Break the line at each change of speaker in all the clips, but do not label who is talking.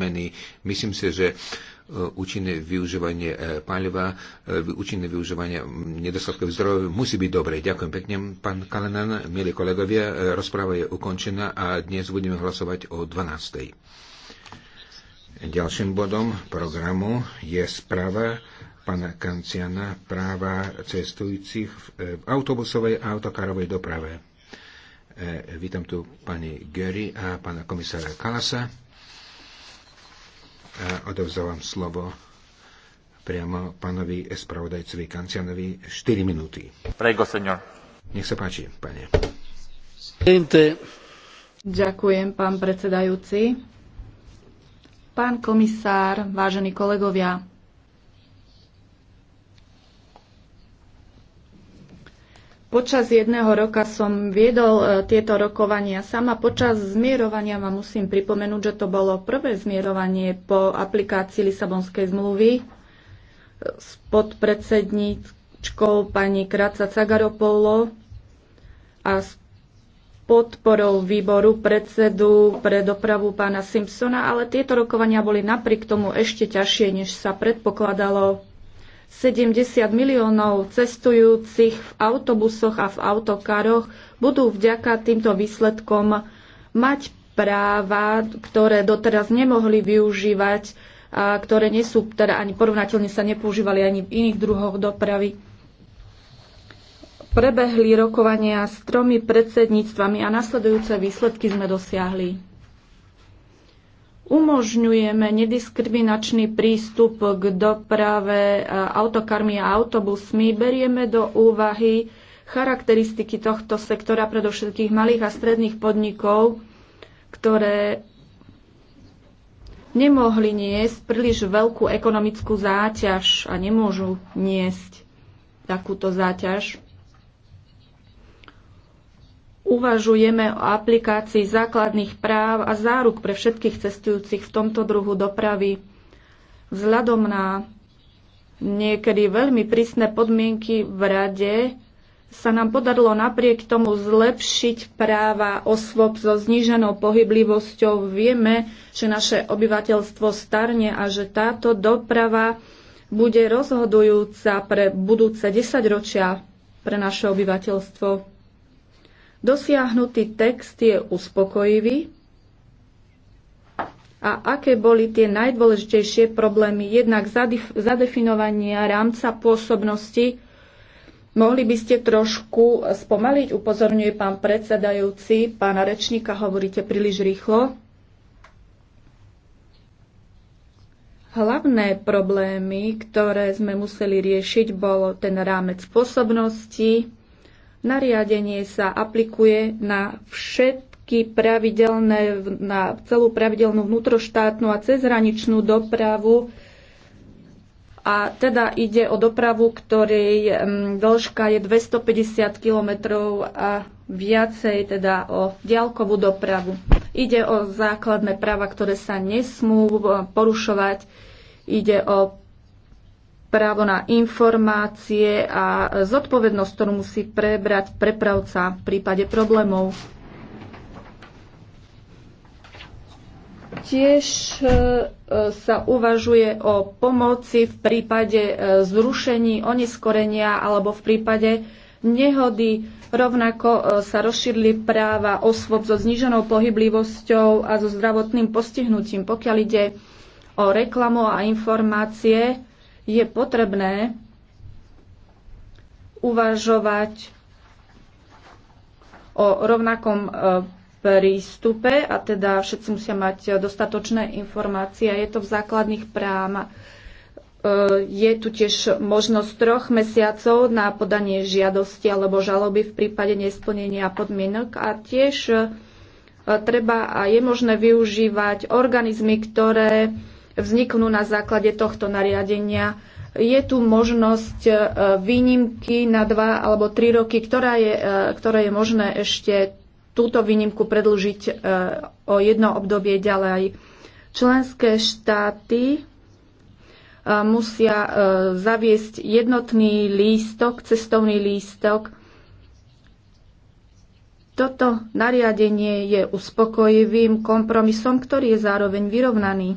meny. Myslím si, že e, účinné využívanie e, paliva, e, účinné využívanie nedostatkov zdrojov musí byť dobré. Ďakujem pekne, pán Kalenan, milí kolegovia. Rozpráva je ukončená a dnes budeme hlasovať o 12. Ďalším bodom programu je správa pána Kanciana práva cestujúcich v autobusovej a autokarovej doprave. Vítam tu pani Gery a pána komisára Kalasa odovzdávam slovo priamo pánovi spravodajcovi Kancianovi 4 minúty. Prego, senor. Nech sa páči, pane.
Ďakujem, pán predsedajúci. Pán komisár, vážení kolegovia, Počas jedného roka som viedol e, tieto rokovania sama. Počas zmierovania vám musím pripomenúť, že to bolo prvé zmierovanie po aplikácii Lisabonskej zmluvy e, s podpredsedníčkou pani Kráca Cagaropolo a s podporou výboru predsedu pre dopravu pána Simpsona, ale tieto rokovania boli napriek tomu ešte ťažšie, než sa predpokladalo 70 miliónov cestujúcich v autobusoch a v autokaroch budú vďaka týmto výsledkom mať práva, ktoré doteraz nemohli využívať, a ktoré nie sú teda ani porovnateľne sa nepoužívali ani v iných druhoch dopravy. Prebehli rokovania s tromi predsedníctvami a nasledujúce výsledky sme dosiahli umožňujeme nediskriminačný prístup k doprave e, autokarmi a autobusmi, berieme do úvahy charakteristiky tohto sektora, predovšetkých malých a stredných podnikov, ktoré nemohli niesť príliš veľkú ekonomickú záťaž a nemôžu niesť takúto záťaž uvažujeme o aplikácii základných práv a záruk pre všetkých cestujúcich v tomto druhu dopravy. Vzhľadom na niekedy veľmi prísne podmienky v Rade sa nám podarilo napriek tomu zlepšiť práva osôb so zníženou pohyblivosťou. Vieme, že naše obyvateľstvo starne a že táto doprava bude rozhodujúca pre budúce desaťročia pre naše obyvateľstvo. Dosiahnutý text je uspokojivý. A aké boli tie najdôležitejšie problémy? Jednak zadefinovania rámca pôsobnosti. Mohli by ste trošku spomaliť, upozorňuje pán predsedajúci, pána rečníka, hovoríte príliš rýchlo. Hlavné problémy, ktoré sme museli riešiť, bolo ten rámec spôsobnosti, Nariadenie sa aplikuje na všetky pravidelné, na celú pravidelnú vnútroštátnu a cezhraničnú dopravu a teda ide o dopravu, ktorej mm, dĺžka je 250 km a viacej teda o diaľkovú dopravu. Ide o základné práva, ktoré sa nesmú porušovať. Ide o právo na informácie a zodpovednosť, ktorú musí prebrať prepravca v prípade problémov. Tiež e, sa uvažuje o pomoci v prípade e, zrušení, oneskorenia alebo v prípade nehody. Rovnako e, sa rozšírili práva osôb so zníženou pohyblivosťou a so zdravotným postihnutím. Pokiaľ ide o reklamu a informácie, je potrebné uvažovať o rovnakom e, prístupe a teda všetci musia mať dostatočné informácie. Je to v základných právach. E, je tu tiež možnosť troch mesiacov na podanie žiadosti alebo žaloby v prípade nesplnenia podmienok a tiež e, treba a je možné využívať organizmy, ktoré vzniknú na základe tohto nariadenia. Je tu možnosť e, výnimky na dva alebo tri roky, ktorá je, e, ktoré je možné ešte túto výnimku predlžiť e, o jedno obdobie ďalej. Členské štáty musia zaviesť jednotný lístok, cestovný lístok. Toto nariadenie je uspokojivým kompromisom, ktorý je zároveň vyrovnaný.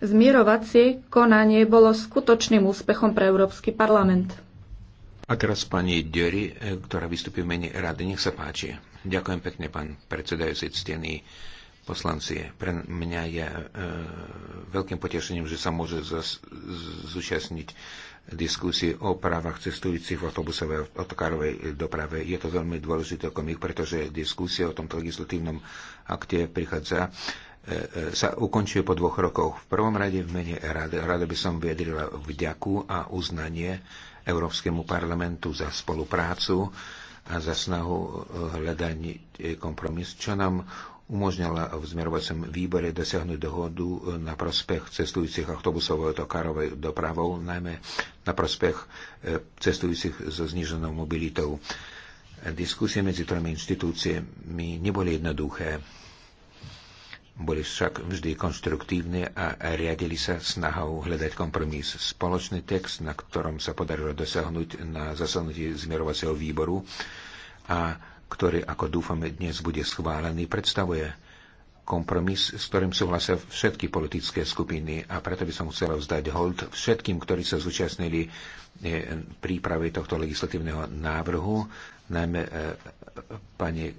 Zmierovacie konanie bolo skutočným úspechom pre Európsky parlament.
A teraz pani Dery, ktorá vystupí v mene rady. Nech sa páči. Ďakujem pekne, pán predsedajúci, ctení poslanci. Pre mňa je e, veľkým potešením, že sa môže zúčastniť diskusie o právach cestujúcich v autobusovej otokárovej doprave. Je to veľmi dôležité okamih, pretože diskusia o tomto legislatívnom akte prichádza e, E, e, sa ukončuje po dvoch rokoch. V prvom rade v mene Rady. rada by som vyjadrila vďaku a uznanie Európskemu parlamentu za spoluprácu a za snahu e, hľadať kompromis, čo nám umožnila v zmerovacom výbore dosiahnuť dohodu na prospech cestujúcich a tokárovej dopravou, najmä na prospech cestujúcich so zniženou mobilitou. Diskusie medzi tromi inštitúciami neboli jednoduché boli však vždy konštruktívne a riadili sa snahou hľadať kompromis. Spoločný text, na ktorom sa podarilo dosiahnuť na zasadnutí zmierovacieho výboru a ktorý, ako dúfame, dnes bude schválený, predstavuje kompromis, s ktorým súhlasia všetky politické skupiny a preto by som chcel vzdať hold všetkým, ktorí sa zúčastnili eh, príprave tohto legislatívneho návrhu, najmä eh, pani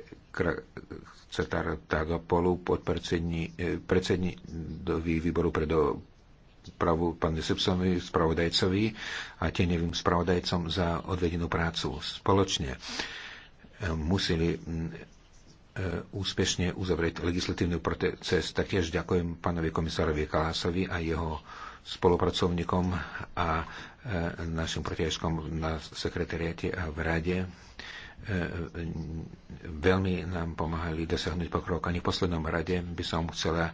Cetar Tagapolu, podpredsedníkovi e, výboru pre dopravu pán Decepsovi, spravodajcovi a tenevým spravodajcom za odvedenú prácu spoločne. E, museli e, úspešne uzavrieť legislatívny proces. Taktiež ďakujem pánovi komisárovi Kalásovi a jeho spolupracovníkom a našim protiažkom na sekretariate a v rade E, e, veľmi nám pomáhali dosiahnuť pokrok. Ani v poslednom rade by som chcela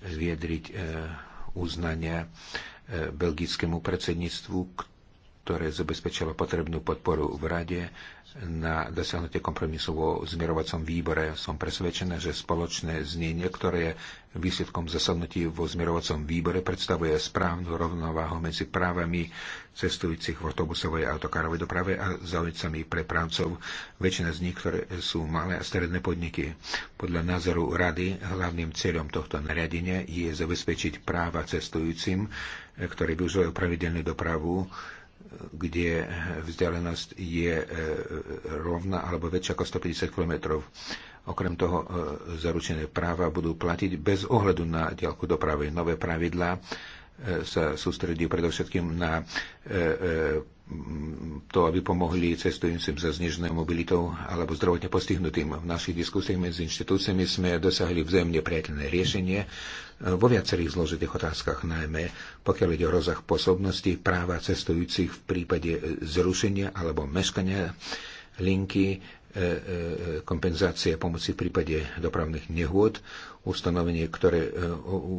zviedriť e, uznania belgickému predsedníctvu, ktoré zabezpečilo potrebnú podporu v rade, na dosiahnutie kompromisu vo zmierovacom výbore. Som presvedčený, že spoločné znenie, ktoré je výsledkom zasadnutí vo zmierovacom výbore, predstavuje správnu rovnováhu medzi právami cestujúcich v autobusovej a autokárovej doprave a zaujímcami prepravcov, väčšina z nich, ktoré sú malé a stredné podniky. Podľa názoru rady hlavným cieľom tohto nariadenia je zabezpečiť práva cestujúcim, ktorí využívajú pravidelnú dopravu, kde vzdialenosť je e, rovná alebo väčšia ako 150 km. Okrem toho e, zaručené práva budú platiť bez ohľadu na diaľku dopravy. Nové pravidlá sa sústredí predovšetkým na e, e, to, aby pomohli cestujúcim za zniženou mobilitou alebo zdravotne postihnutým. V našich diskusiách medzi inštitúciami sme dosahli vzájomne priateľné riešenie e, vo viacerých zložitých otázkach, najmä pokiaľ ide o rozsah pôsobnosti práva cestujúcich v prípade zrušenia alebo meškania linky E, e, kompenzácie pomoci v prípade dopravných nehôd, ustanovenie, ktoré e,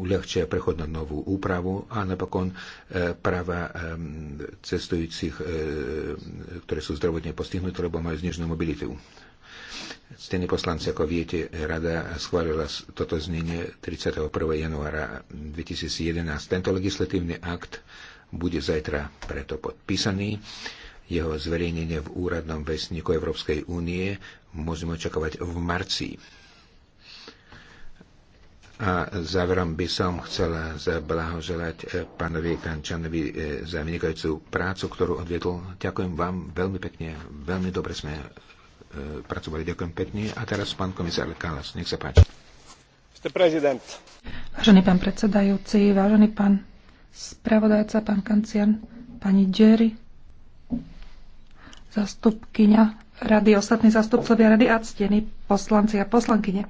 uľahčia prechod na novú úpravu a napokon práva cestujúcich, ktoré sú zdravotne postihnuté, lebo majú znižnú mobilitu. Ctení poslanci, ako viete, rada schválila toto znenie 31. januára 2011. Tento legislatívny akt bude zajtra preto podpísaný. Jeho zverejnenie v úradnom vesniku Európskej únie môžeme očakávať v marci. A záverom by som chcela zablahoželať eh, pánovi Kančanovi eh, za vynikajúcu prácu, ktorú odviedol. Ďakujem vám veľmi pekne, veľmi dobre sme eh, pracovali. Ďakujem pekne. A teraz pán komisár Kalas, nech sa páči. Prezident.
Vážený pán predsedajúci, vážený pán spravodajca, pán Kancian, pani Jerry, zastupkyňa rady, ostatní zastupcovia rady a ctení poslanci a poslankyne.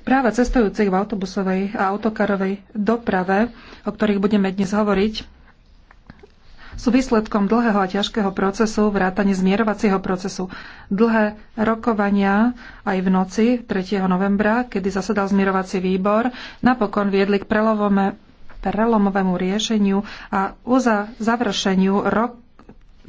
Práva cestujúcich v autobusovej a autokarovej doprave, o ktorých budeme dnes hovoriť, sú výsledkom dlhého a ťažkého procesu, vrátane zmierovacieho procesu. Dlhé rokovania aj v noci 3. novembra, kedy zasadal zmierovací výbor, napokon viedli k prelovome prelomovému riešeniu a uza završeniu roku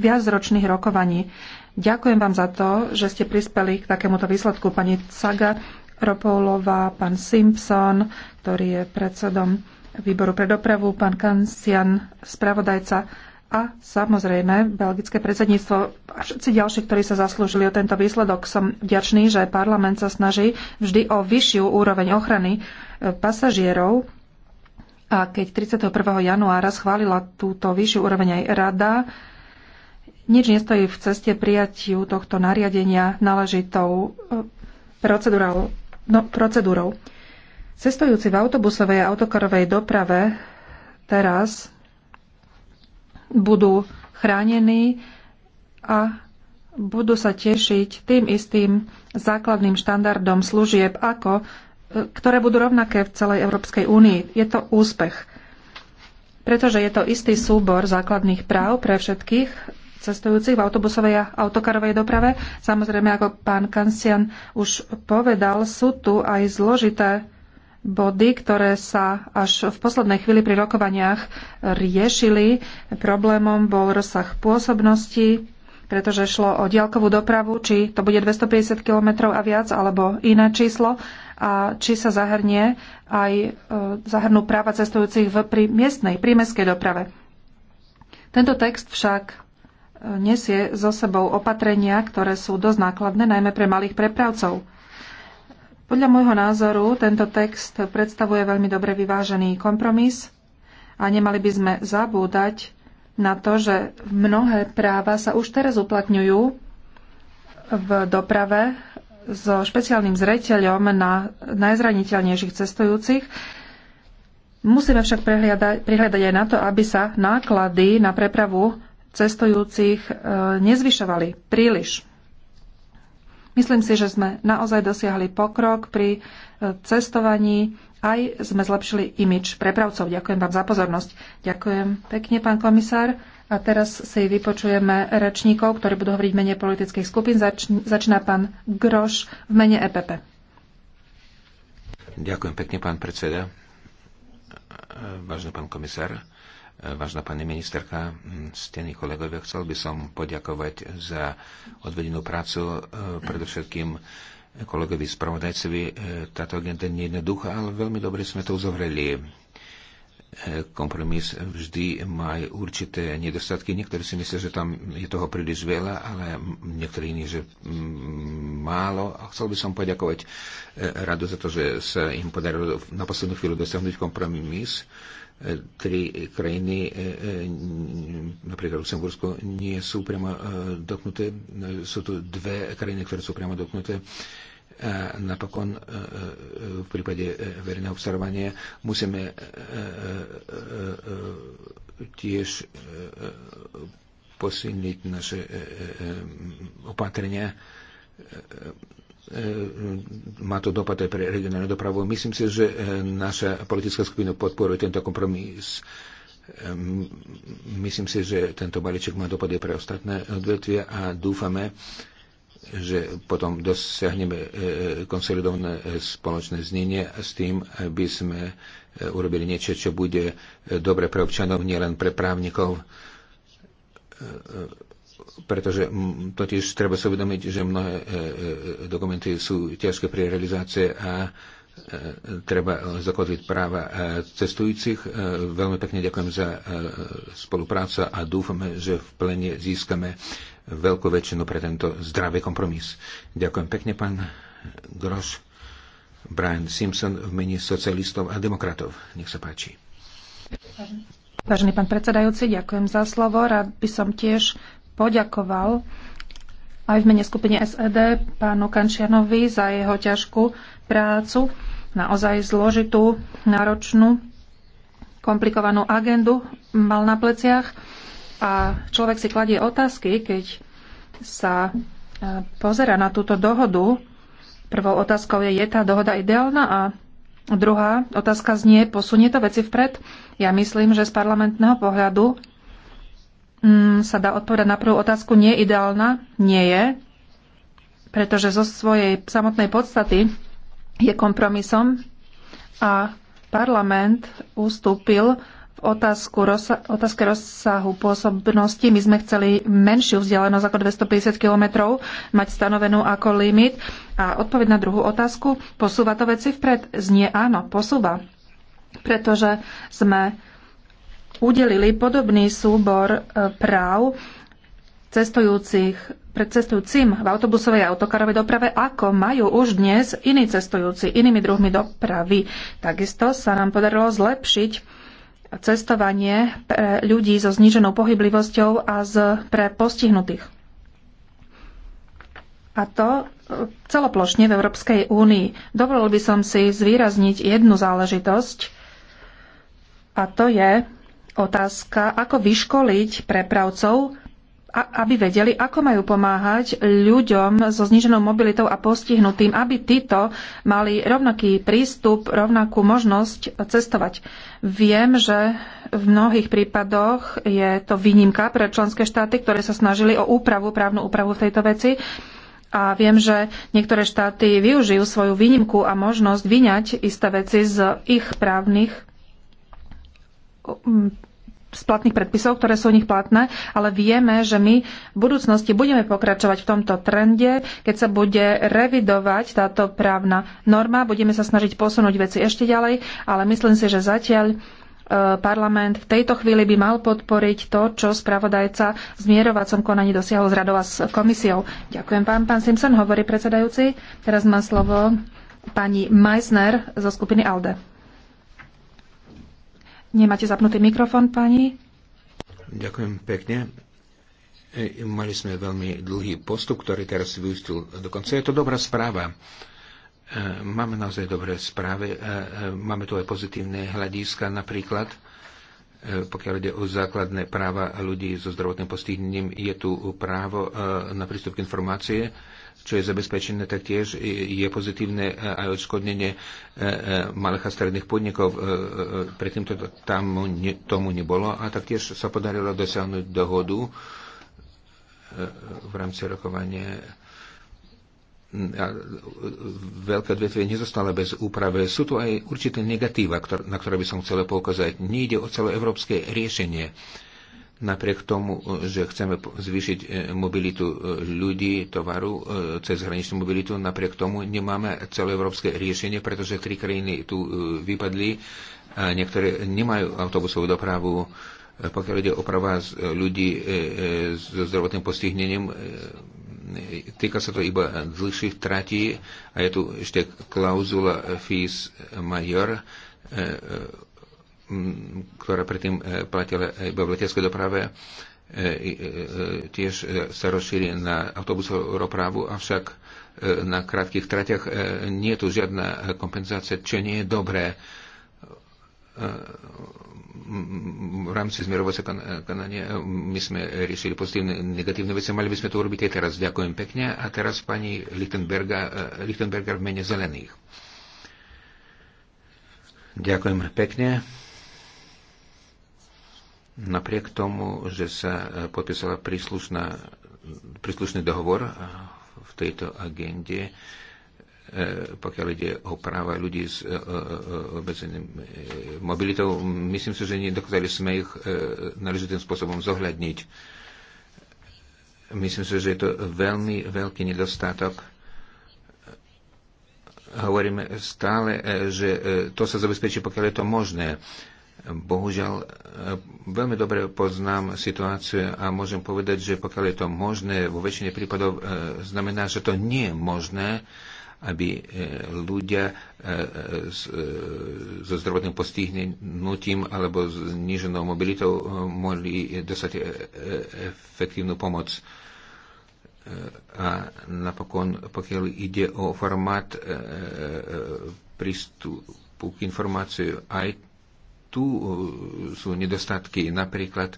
viacročných rokovaní. Ďakujem vám za to, že ste prispeli k takémuto výsledku. Pani Caga Ropoulová, pán Simpson, ktorý je predsedom výboru pre dopravu, pán Kansian spravodajca a samozrejme belgické predsedníctvo a všetci ďalší, ktorí sa zaslúžili o tento výsledok. Som vďačný, že parlament sa snaží vždy o vyššiu úroveň ochrany e, pasažierov a keď 31. januára schválila túto vyššiu úroveň aj rada, nič nestojí v ceste prijatiu tohto nariadenia náležitou e, No, procedúrou. Cestujúci v autobusovej a autokarovej doprave teraz budú chránení a budú sa tešiť tým istým základným štandardom služieb, ako, e, ktoré budú rovnaké v celej Európskej únii. Je to úspech, pretože je to istý súbor základných práv pre všetkých cestujúcich v autobusovej a autokarovej doprave. Samozrejme, ako pán Kancian už povedal, sú tu aj zložité body, ktoré sa až v poslednej chvíli pri rokovaniach riešili. Problémom bol rozsah pôsobnosti, pretože šlo o diaľkovú dopravu, či to bude 250 km a viac, alebo iné číslo, a či sa zahrnie aj e, zahrnú práva cestujúcich v, pri miestnej, prímeskej doprave. Tento text však nesie so sebou opatrenia, ktoré sú dosť nákladné, najmä pre malých prepravcov. Podľa môjho názoru tento text predstavuje veľmi dobre vyvážený kompromis a nemali by sme zabúdať na to, že mnohé práva sa už teraz uplatňujú v doprave so špeciálnym zreteľom na najzraniteľnejších cestujúcich. Musíme však prihľadať aj na to, aby sa náklady na prepravu cestujúcich e, nezvyšovali príliš. Myslím si, že sme naozaj dosiahli pokrok pri e, cestovaní, aj sme zlepšili imič prepravcov. Ďakujem vám za pozornosť. Ďakujem pekne, pán komisár. A teraz si vypočujeme rečníkov, ktorí budú hovoriť mene politických skupín. Zač- začína pán Groš v mene EPP.
Ďakujem pekne, pán predseda. Vážený pán komisár, Vážna pani ministerka, stení kolegovia, chcel by som poďakovať za odvedenú prácu, e, predovšetkým kolegovi spravodajcovi. E, táto agenda nie je jednoduchá, ale veľmi dobre sme to uzavreli. E, kompromis vždy má určité nedostatky. Niektorí si myslia, že tam je toho príliš veľa, ale niektorí iní, že mm, málo. A chcel by som poďakovať radu za to, že sa im podarilo na poslednú chvíľu dosiahnuť kompromis tri krajiny, e, e, napríklad Luxembursko, nie sú priamo e, dotknuté. Sú tu dve krajiny, ktoré sú priamo dotknuté. A napokon v prípade verejného obstarávania musíme tiež posilniť naše opatrenia E, má to dopad aj pre regionálnu dopravu. Myslím si, že e, naša politická skupina podporuje tento kompromis. E, myslím si, že tento balíček má dopady pre ostatné odvetvia a dúfame, že potom dosiahneme konsolidované spoločné znenie s tým, aby sme urobili niečo, čo bude dobre pre občanov, nielen pre právnikov pretože totiž treba si uvedomiť, že mnohé e, e, dokumenty sú ťažké pri realizácii a e, treba zakotviť práva cestujúcich. Veľmi pekne ďakujem za spoluprácu a dúfame, že v plene získame veľkú väčšinu pre tento zdravý kompromis. Ďakujem pekne, pán Groš. Brian Simpson v mene socialistov a demokratov. Nech sa páči.
Vážený pán predsedajúci, ďakujem za slovo. Rád by som tiež poďakoval aj v mene skupine SED pánu Kančianovi za jeho ťažkú prácu, naozaj zložitú, náročnú, komplikovanú agendu mal na pleciach a človek si kladie otázky, keď sa e, pozera na túto dohodu. Prvou otázkou je, je tá dohoda ideálna a druhá otázka znie, posunie to veci vpred? Ja myslím, že z parlamentného pohľadu mm, sa dá odpovedať na prvú otázku, nie je ideálna, nie je, pretože zo svojej samotnej podstaty je kompromisom a parlament ustúpil v otázku rozsa- otázke rozsahu pôsobnosti. My sme chceli menšiu vzdialenosť ako 250 km mať stanovenú ako limit. A odpoveď na druhú otázku, posúva to veci vpred? Znie áno, posúva. Pretože sme udelili podobný súbor e, práv cestujúcich, pred cestujúcim v autobusovej a autokarovej doprave, ako majú už dnes iní cestujúci inými druhmi dopravy. Takisto sa nám podarilo zlepšiť cestovanie pre ľudí so zníženou pohyblivosťou a z, pre postihnutých. A to e, celoplošne v Európskej únii. Dovolil by som si zvýrazniť jednu záležitosť, a to je otázka, ako vyškoliť prepravcov, aby vedeli, ako majú pomáhať ľuďom so zníženou mobilitou a postihnutým, aby títo mali rovnaký prístup, rovnakú možnosť cestovať. Viem, že v mnohých prípadoch je to výnimka pre členské štáty, ktoré sa snažili o úpravu, právnu úpravu v tejto veci. A viem, že niektoré štáty využijú svoju výnimku a možnosť vyňať isté veci z ich právnych z platných predpisov, ktoré sú u nich platné, ale vieme, že my v budúcnosti budeme pokračovať v tomto trende, keď sa bude revidovať táto právna norma, budeme sa snažiť posunúť veci ešte ďalej, ale myslím si, že zatiaľ e, parlament v tejto chvíli by mal podporiť to, čo spravodajca v zmierovacom konaní dosiahol z radova s komisiou. Ďakujem pán, pán Simpson, hovorí predsedajúci. Teraz má slovo pani Meissner zo skupiny ALDE. Nemáte zapnutý mikrofón, pani?
Ďakujem pekne. E, mali sme veľmi dlhý postup, ktorý teraz vyústil dokonca. Je to dobrá správa. E, máme naozaj dobré správy. E, máme tu aj pozitívne hľadiska, napríklad E, pokiaľ ide o základné práva ľudí so zdravotným postihnením, je tu právo e, na prístup k informácie, čo je zabezpečené taktiež, e, je pozitívne aj odškodnenie malých a stredných podnikov. Predtým to tam, tomu nebolo a taktiež sa podarilo dosiahnuť dohodu v rámci rokovania veľké odvetvie nezostala bez úprave. Sú tu aj určité negatíva, na ktoré by som chcel poukázať. Nejde o celoevropské riešenie. Napriek tomu, že chceme zvýšiť e, mobilitu e, ľudí, tovaru, e, cez hraničnú mobilitu, napriek tomu nemáme celoevropské riešenie, pretože tri krajiny tu vypadli a niektoré nemajú autobusovú dopravu pokiaľ ide o práva ľudí so zdravotným postihnením, týka sa to iba dlhších tratí a je tu ešte klauzula fees major, e, e, ktorá predtým e, platila iba v leteckej doprave, tiež sa rozšíri na autobusovú dopravu, avšak na krátkých tratiach nie je tu žiadna kompenzácia, čo nie je dobré v rámci zmierovacieho konania eh, my sme riešili pozitívne negatívne veci, mali by sme to urobiť aj teraz. Ďakujem pekne. A teraz pani eh, Lichtenberger v mene zelených. Ďakujem pekne. Napriek tomu, že sa eh, podpísala príslušná, príslušný dohovor v tejto agende, E, pokiaľ ide o práva ľudí s e, e, obecným mobilitou. Myslím si, že nedokázali sme ich náležitým spôsobom zohľadniť. Myslím si, že je to veľmi veľký nedostatok. Hovoríme stále, že to sa zabezpečí, pokiaľ je to možné. Bohužiaľ, veľmi dobre poznám situáciu a môžem povedať, že pokiaľ je to možné, vo väčšine prípadov znamená, že to nie je možné aby e, ľudia e, e, so zdravotným postihnutím alebo s niženou mobilitou mohli dostať efektívnu pomoc. A napokon, pokiaľ ide o formát prístupu k informáciu, aj tu sú nedostatky. Napríklad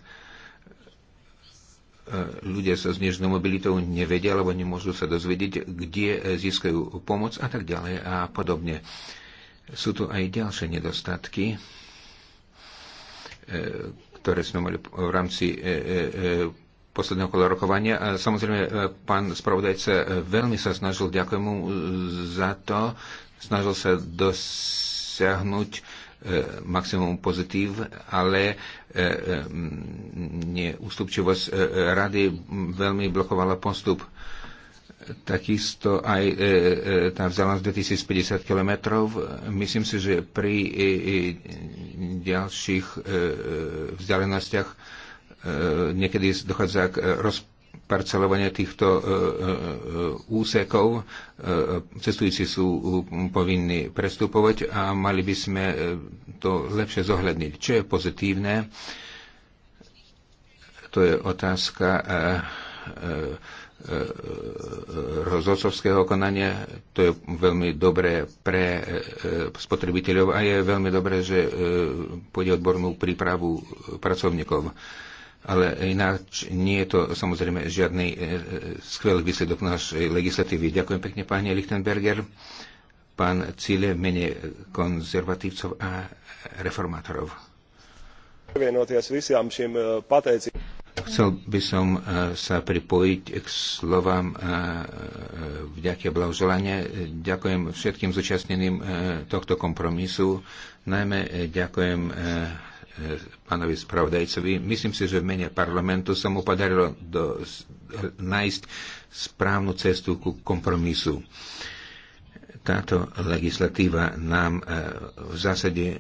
ľudia sa s nežnou mobilitou nevedia alebo nemôžu sa dozvedieť, kde e, získajú pomoc a tak ďalej a podobne. Sú tu aj ďalšie nedostatky, e, ktoré sme mali v rámci e, posledného kola rokovania. samozrejme, pán spravodajca veľmi sa snažil, ďakujem mu za to, snažil sa dosiahnuť Eh, maximum pozitív, ale eh, eh, neústupčivosť rady veľmi blokovala postup. Takisto aj tá vzdialenosť 2050 km. Myslím si, že pri ďalších vzdialenostiach niekedy dochádza k rozpočtu parcelovania týchto e, e, e, úsekov. Cestujúci sú povinní prestupovať a mali by sme to lepšie zohľadniť. Čo je pozitívne, to je otázka rozhodcovského konania. To je veľmi dobré pre spotrebiteľov a je veľmi dobré, že pôjde odbornú prípravu pracovníkov ale ináč nie je to samozrejme žiadny e, e, skvelý výsledok našej legislatívy. Ďakujem pekne, pani Lichtenberger, pán Cíle, menej konzervatívcov a reformátorov. Chcel by som e, sa pripojiť k slovám e, vďaky a blahoželania. Ďakujem všetkým zúčastneným tohto kompromisu. Najmä ďakujem E, pánovi spravodajcovi. Myslím si, že v mene parlamentu sa mu podarilo do, nájsť správnu cestu ku kompromisu. Táto legislatíva nám e, v zásade e,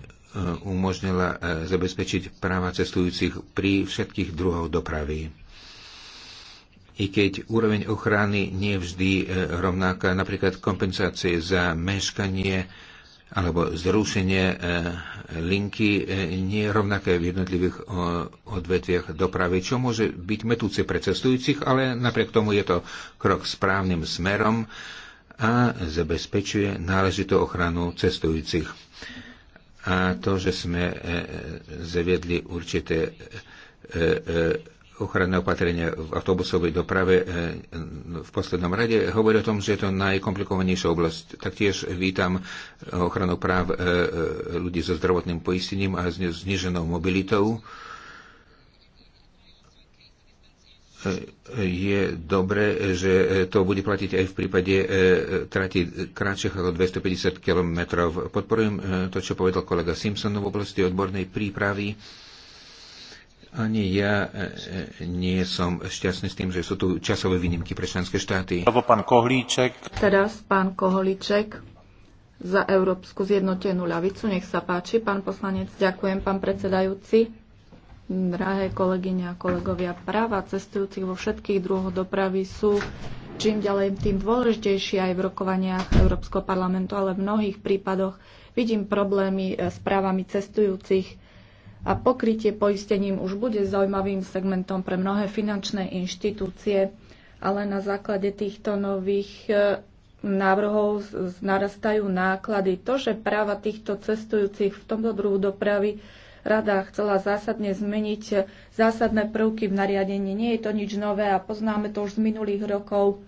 umožnila zabezpečiť práva cestujúcich pri všetkých druhoch dopravy. I keď úroveň ochrany nie vždy rovnaká, napríklad kompenzácie za meškanie, alebo zrušenie e, linky e, nie je rovnaké v jednotlivých odvetviach dopravy, čo môže byť metúce pre cestujúcich, ale napriek tomu je to krok správnym smerom a zabezpečuje náležitú ochranu cestujúcich. A to, že sme e, zaviedli určité ochranné opatrenia v autobusovej doprave e, v poslednom rade hovorí o tom, že je to najkomplikovanejšia oblasť. Taktiež vítam ochranu práv e, e, ľudí so zdravotným poistením a zniženou mobilitou. Je dobré, že to bude platiť aj v prípade trati kratších ako 250 km. Podporujem to, čo povedal kolega Simpson v oblasti odbornej prípravy ani ja e, e, nie som šťastný s tým, že sú tu časové výnimky pre členské štáty. Lebo pán Kohlíček.
Teraz pán Kohlíček za Európsku zjednotenú ľavicu. Nech sa páči, pán poslanec. Ďakujem, pán predsedajúci. Drahé kolegyne a kolegovia, práva cestujúcich vo všetkých druhoch dopravy sú čím ďalej tým dôležitejšie aj v rokovaniach Európskeho parlamentu, ale v mnohých prípadoch vidím problémy e, s právami cestujúcich a pokrytie poistením už bude zaujímavým segmentom pre mnohé finančné inštitúcie, ale na základe týchto nových e, návrhov narastajú náklady. To, že práva týchto cestujúcich v tomto druhu dopravy rada chcela zásadne zmeniť e, zásadné prvky v nariadení, nie je to nič nové a poznáme to už z minulých rokov.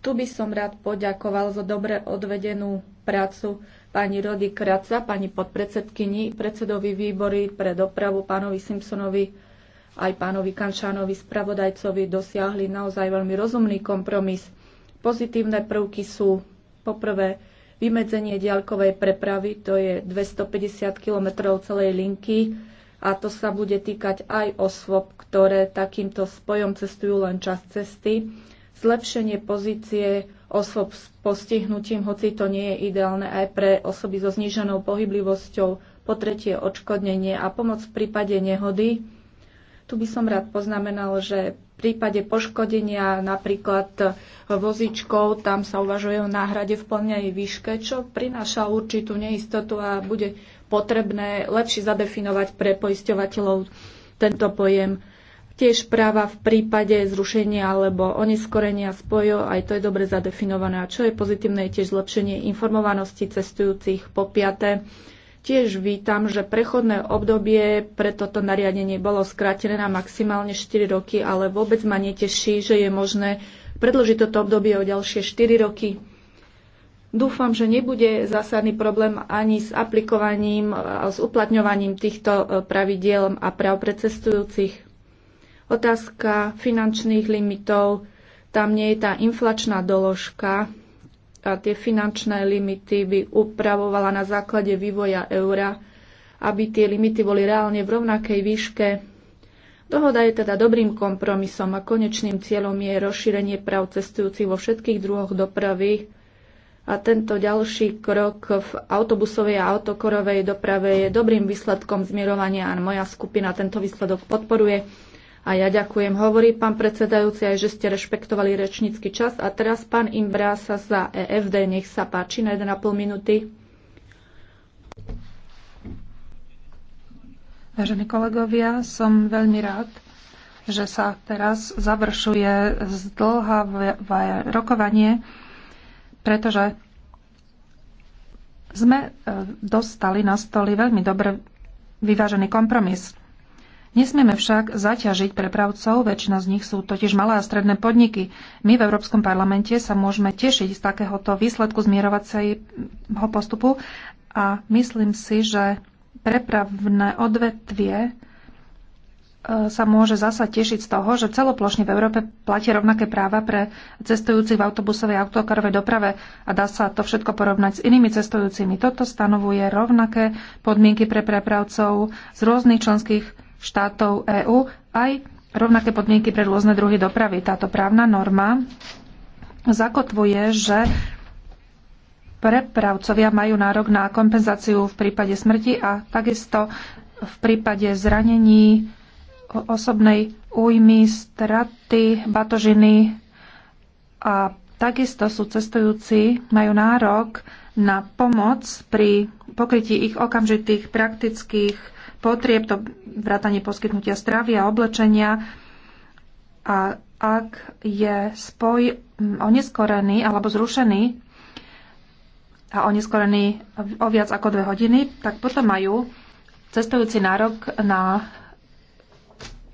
Tu by som rád poďakoval za dobre odvedenú prácu pani Rody Kraca, pani podpredsedkyni, predsedovi výbory pre dopravu, pánovi Simpsonovi, aj pánovi Kančánovi, spravodajcovi dosiahli naozaj veľmi rozumný kompromis. Pozitívne prvky sú poprvé vymedzenie diaľkovej prepravy, to je 250 km celej linky a to sa bude týkať aj osôb, ktoré takýmto spojom cestujú len čas cesty. Zlepšenie pozície osob s postihnutím, hoci to nie je ideálne aj pre osoby so zníženou pohyblivosťou, po tretie odškodnenie a pomoc v prípade nehody. Tu by som rád poznamenal, že v prípade poškodenia napríklad vozičkov, tam sa uvažuje o náhrade v plnej výške, čo prináša určitú neistotu a bude potrebné lepšie zadefinovať pre poisťovateľov tento pojem tiež práva v prípade zrušenia alebo oneskorenia spojov, aj to je dobre zadefinované. A čo je pozitívne, je tiež zlepšenie informovanosti cestujúcich po piaté. Tiež vítam, že prechodné obdobie pre toto nariadenie bolo skrátené na maximálne 4 roky, ale vôbec ma neteší, že je možné predložiť toto obdobie o ďalšie 4 roky. Dúfam, že nebude zásadný problém ani s aplikovaním, s uplatňovaním týchto e, pravidiel a práv pre cestujúcich. Otázka finančných limitov, tam nie je tá inflačná doložka a tie finančné limity by upravovala na základe vývoja eura, aby tie limity boli reálne v rovnakej výške. Dohoda je teda dobrým kompromisom a konečným cieľom je rozšírenie práv cestujúcich vo všetkých druhoch dopravy a tento ďalší krok v autobusovej a autokorovej doprave je dobrým výsledkom zmierovania a moja skupina tento výsledok podporuje. A ja ďakujem, hovorí pán predsedajúci, aj že ste rešpektovali rečnícky čas. A teraz pán Imbrása za
EFD, nech sa páči na 1,5 minúty. Vážení kolegovia, som veľmi rád, že sa teraz završuje zdlhavé rokovanie, pretože sme e, dostali na stoli veľmi dobre vyvážený kompromis. Nesmieme však zaťažiť prepravcov, väčšina z nich sú totiž malé a stredné podniky. My v Európskom parlamente sa môžeme tešiť z takéhoto výsledku zmierovacieho postupu a myslím si, že prepravné odvetvie e, sa môže zasa tešiť z toho, že celoplošne v Európe platia rovnaké práva pre cestujúcich v autobusovej a autokarovej doprave a dá sa to všetko porovnať s inými cestujúcimi. Toto stanovuje rovnaké podmienky pre prepravcov z rôznych členských štátov EÚ aj rovnaké podmienky pre rôzne druhy dopravy. Táto právna norma zakotvuje, že prepravcovia majú nárok na kompenzáciu v prípade smrti a takisto v prípade zranení osobnej újmy, straty, batožiny a Takisto sú cestujúci, majú nárok na pomoc pri pokrytí ich okamžitých praktických potrieb, to vrátanie poskytnutia stravy a oblečenia. A ak je spoj oneskorený alebo zrušený a oneskorený o viac ako dve hodiny, tak potom majú cestujúci nárok na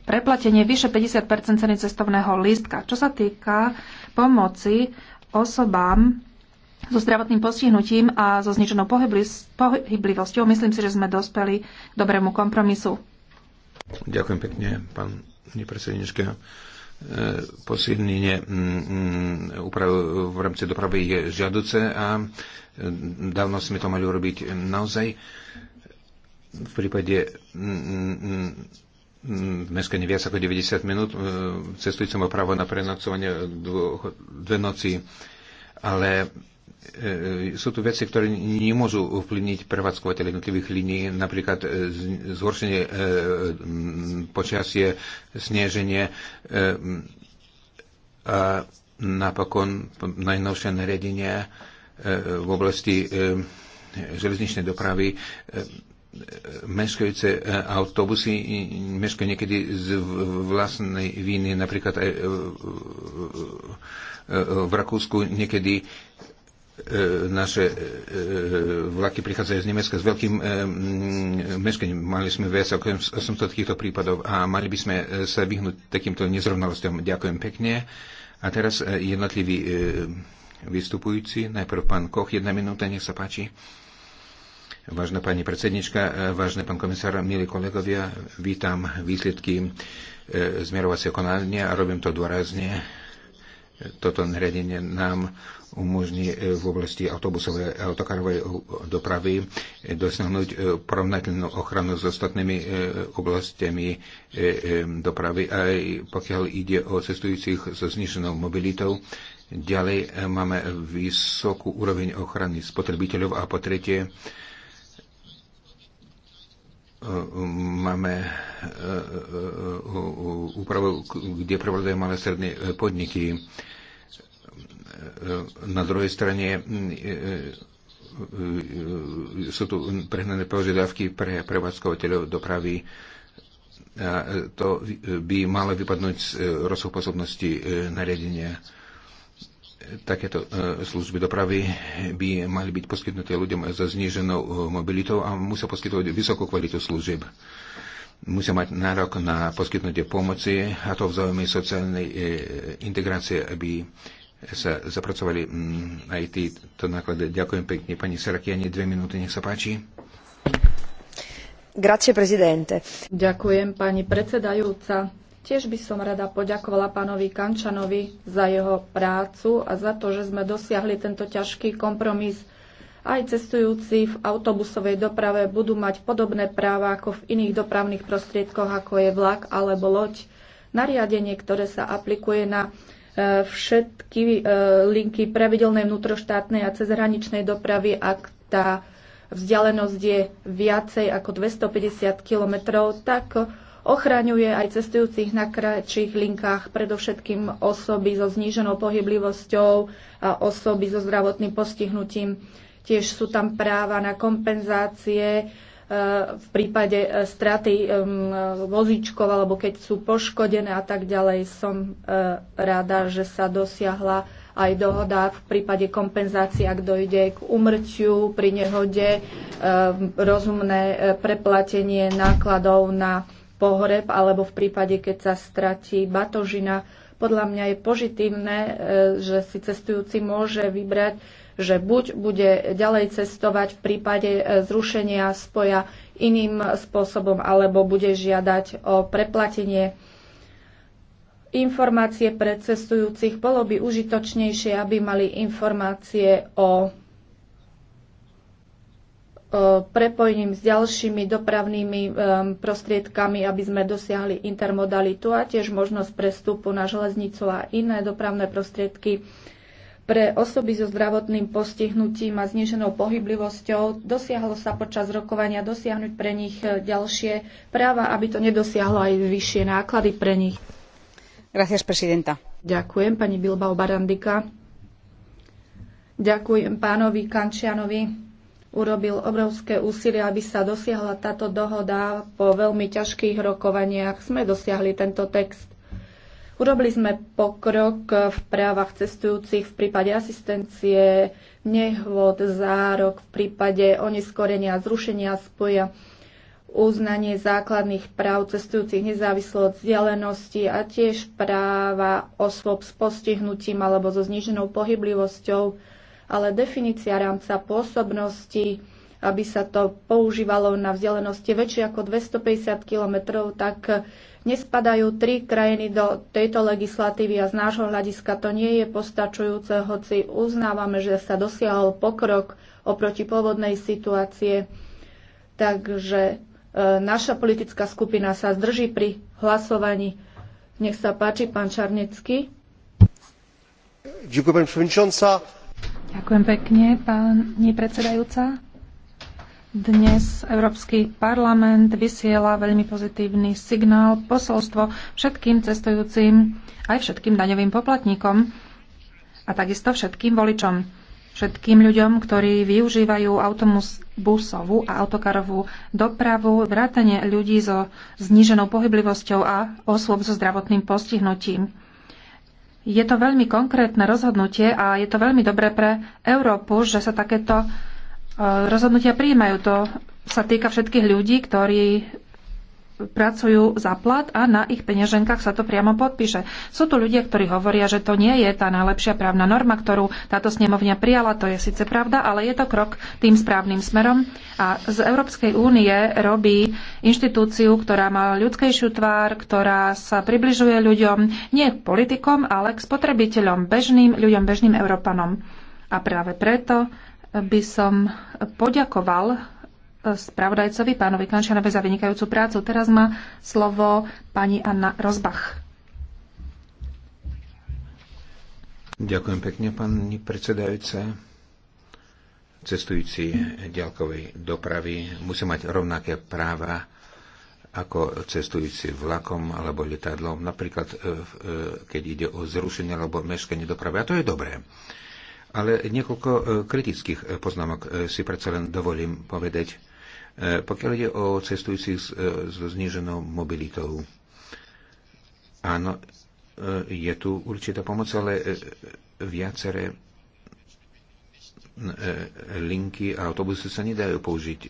preplatenie vyše 50 ceny cestovného lístka. Čo sa týka pomoci osobám, so zdravotným postihnutím a so zničenou pohyblivosťou. Myslím si, že sme dospeli k dobrému kompromisu.
Ďakujem pekne, pán nepredsednička. E, posilnenie mm, mm, úprav v rámci dopravy je žiaduce a e, dávno sme to mali urobiť naozaj. V prípade dneska mm, neviac ako 90 minút e, cestujúcim má právo na prenocovanie dve noci, ale E, sú tu veci, ktoré nemôžu vplyvniť prevádzkovateľ jednotlivých línií, napríklad e, zhoršenie e, počasie, sneženie a napokon najnovšie nariadenia v oblasti železničnej dopravy meškajúce autobusy meškajú niekedy z vlastnej viny, napríklad aj v Rakúsku niekedy E, naše e, e, vlaky prichádzajú z Nemecka s veľkým meškením. Mali sme viac ako 800 takýchto prípadov a mali by sme sa vyhnúť takýmto nezrovnalostiam. Ďakujem pekne. A teraz jednotliví vystupujúci. Najprv pán Koch, jedna minúta, nech sa páči. Vážna pani predsednička, vážne pán komisár, milí kolegovia, vítam výsledky zmierovacieho konania a robím to dôrazne. Toto nariadenie nám umožní e, v oblasti autobusovej a autokarovej dopravy e, dosiahnuť e, porovnateľnú ochranu s ostatnými oblastiami dopravy, aj pokiaľ ide o cestujúcich so zniženou mobilitou. Ďalej máme vysokú úroveň ochrany spotrebiteľov a po tretie máme úpravu, kde prevládajú malé stredné podniky na druhej strane mm, e, e, e, sú tu prehnané požiadavky pre prevádzkovateľov dopravy. A to by malo vypadnúť z rozsahu pôsobnosti nariadenia. Takéto služby dopravy by mali byť poskytnuté ľuďom so zníženou mobilitou a musia poskytovať vysokú kvalitu služieb musia mať nárok na poskytnutie pomoci a to v záujme sociálnej integrácie, aby sa zapracovali mm, aj títo náklady. Ďakujem pekne. Pani Sarakiani, dve minúty, nech sa páči.
Grazie, prezidente. Ďakujem, pani predsedajúca. Tiež by som rada poďakovala pánovi Kančanovi za jeho prácu a za to, že sme dosiahli tento ťažký kompromis. Aj cestujúci v autobusovej doprave budú mať podobné práva ako v iných dopravných prostriedkoch, ako je vlak alebo loď. Nariadenie, ktoré sa aplikuje na všetky e, linky pravidelnej vnútroštátnej a cezhraničnej dopravy, ak tá vzdialenosť je viacej ako 250 kilometrov, tak ochraňuje aj cestujúcich na kratších linkách, predovšetkým osoby so zníženou pohyblivosťou a osoby so zdravotným postihnutím. Tiež sú tam práva na kompenzácie, v prípade e, straty e, e, vozíčkov alebo keď sú poškodené a tak ďalej. Som rada, že sa dosiahla aj dohoda v prípade kompenzácie, ak dojde k umrťu pri nehode, rozumné preplatenie nákladov na pohreb alebo v prípade, keď sa stratí batožina. Podľa mňa je požitívne, že si cestujúci môže vybrať že buď bude ďalej cestovať v prípade e, zrušenia spoja iným spôsobom, alebo bude žiadať o preplatenie informácie pre cestujúcich. Bolo by užitočnejšie, aby mali informácie o prepojením s ďalšími dopravnými e, prostriedkami, aby sme dosiahli intermodalitu a tiež možnosť prestupu na železnicu a iné dopravné prostriedky. Pre osoby so zdravotným postihnutím a zníženou pohyblivosťou dosiahlo sa počas rokovania dosiahnuť pre nich e, ďalšie práva, aby to nedosiahlo aj vyššie náklady pre nich. Gracias, presidenta. Ďakujem pani Bilbao Barandika. Ďakujem pánovi Kančianovi. Urobil obrovské úsilie, aby sa dosiahla táto dohoda. Po veľmi ťažkých rokovaniach sme dosiahli tento text. Urobili sme pokrok v právach cestujúcich v prípade asistencie, nehod, zárok, v prípade oneskorenia, zrušenia spoja, uznanie základných práv cestujúcich nezávislo od vzdialenosti a tiež práva osôb s postihnutím alebo so zníženou pohyblivosťou, ale definícia rámca pôsobnosti aby sa to používalo na vzdialenosti väčšie ako 250 km, tak Nespadajú tri krajiny do tejto legislatívy a z nášho hľadiska to nie je postačujúce, hoci uznávame, že sa dosiahol pokrok oproti pôvodnej situácie. Takže e, naša politická skupina sa zdrží pri hlasovaní. Nech sa páči,
pán Čarnecký. Ďakujem, Ďakujem pekne, pani predsedajúca. Dnes Európsky parlament vysiela veľmi pozitívny signál, posolstvo všetkým cestujúcim, aj všetkým daňovým poplatníkom a takisto všetkým voličom. Všetkým ľuďom, ktorí využívajú autobusovú a autokarovú dopravu, vrátane ľudí so zníženou pohyblivosťou a osôb so zdravotným postihnutím. Je to veľmi konkrétne rozhodnutie a je to veľmi dobré pre Európu, že sa takéto rozhodnutia prijímajú. To sa týka všetkých ľudí, ktorí pracujú za plat a na ich peňaženkách sa to priamo podpíše. Sú tu ľudia, ktorí hovoria, že to nie je tá najlepšia právna norma, ktorú táto snemovňa prijala. To je síce pravda, ale je to krok tým správnym smerom. A z Európskej únie robí inštitúciu, ktorá má ľudskejšiu tvár, ktorá sa približuje ľuďom, nie k politikom, ale k spotrebiteľom, bežným ľuďom, bežným Európanom. A práve preto by som poďakoval spravodajcovi, pánovi Kančanovi, za vynikajúcu prácu. Teraz má slovo pani Anna Rozbach.
Ďakujem pekne, pani predsedajúca. Cestujúci ďalkovej dopravy musí mať rovnaké práva ako cestujúci vlakom alebo lietadlom, napríklad eh, eh, keď ide o zrušenie alebo meškanie dopravy. A to je dobré. Ale niekoľko e, kritických e, poznámok e, si predsa len dovolím povedať. Pokiaľ ide o cestujúcich so zníženou mobilitou, áno, je tu určitá pomoc, ale viaceré linky a autobusy sa nedajú použiť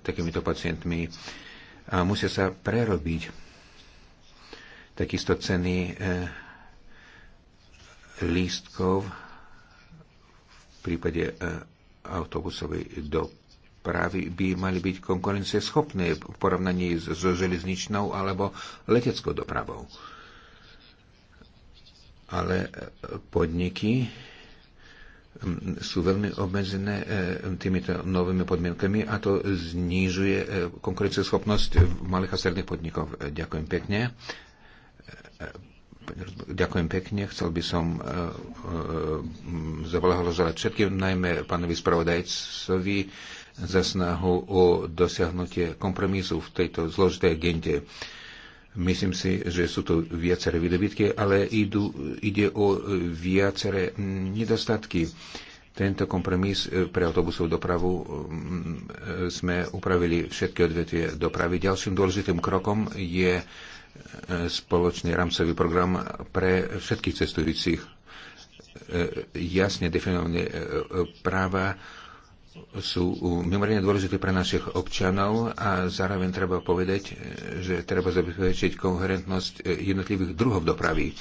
takýmito pacientmi a musia sa prerobiť. Takisto ceny lístkov prípade e, autobusovej dopravy by mali byť konkurencieschopné v porovnaní so železničnou alebo leteckou dopravou. Ale e, podniky sú veľmi obmedzené e, týmito novými podmienkami a to znižuje konkurencieschopnosť malých a stredných podnikov. Ďakujem pekne. Ďakujem pekne. Chcel by som e, e, zablahoželať všetkým, najmä pánovi spravodajcovi, za snahu o dosiahnutie kompromisu v tejto zložitej agende. Myslím si, že sú to viaceré vydobitky, ale idú, ide o viaceré nedostatky. Tento kompromis e, pre autobusovú dopravu sme upravili všetky odvetvie dopravy. Ďalším dôležitým krokom je spoločný rámcový program pre všetkých cestujúcich. Jasne definované e, e, práva sú mimoriadne dôležité pre našich občanov a zároveň treba povedať, e, že treba zabezpečiť koherentnosť jednotlivých druhov dopravy.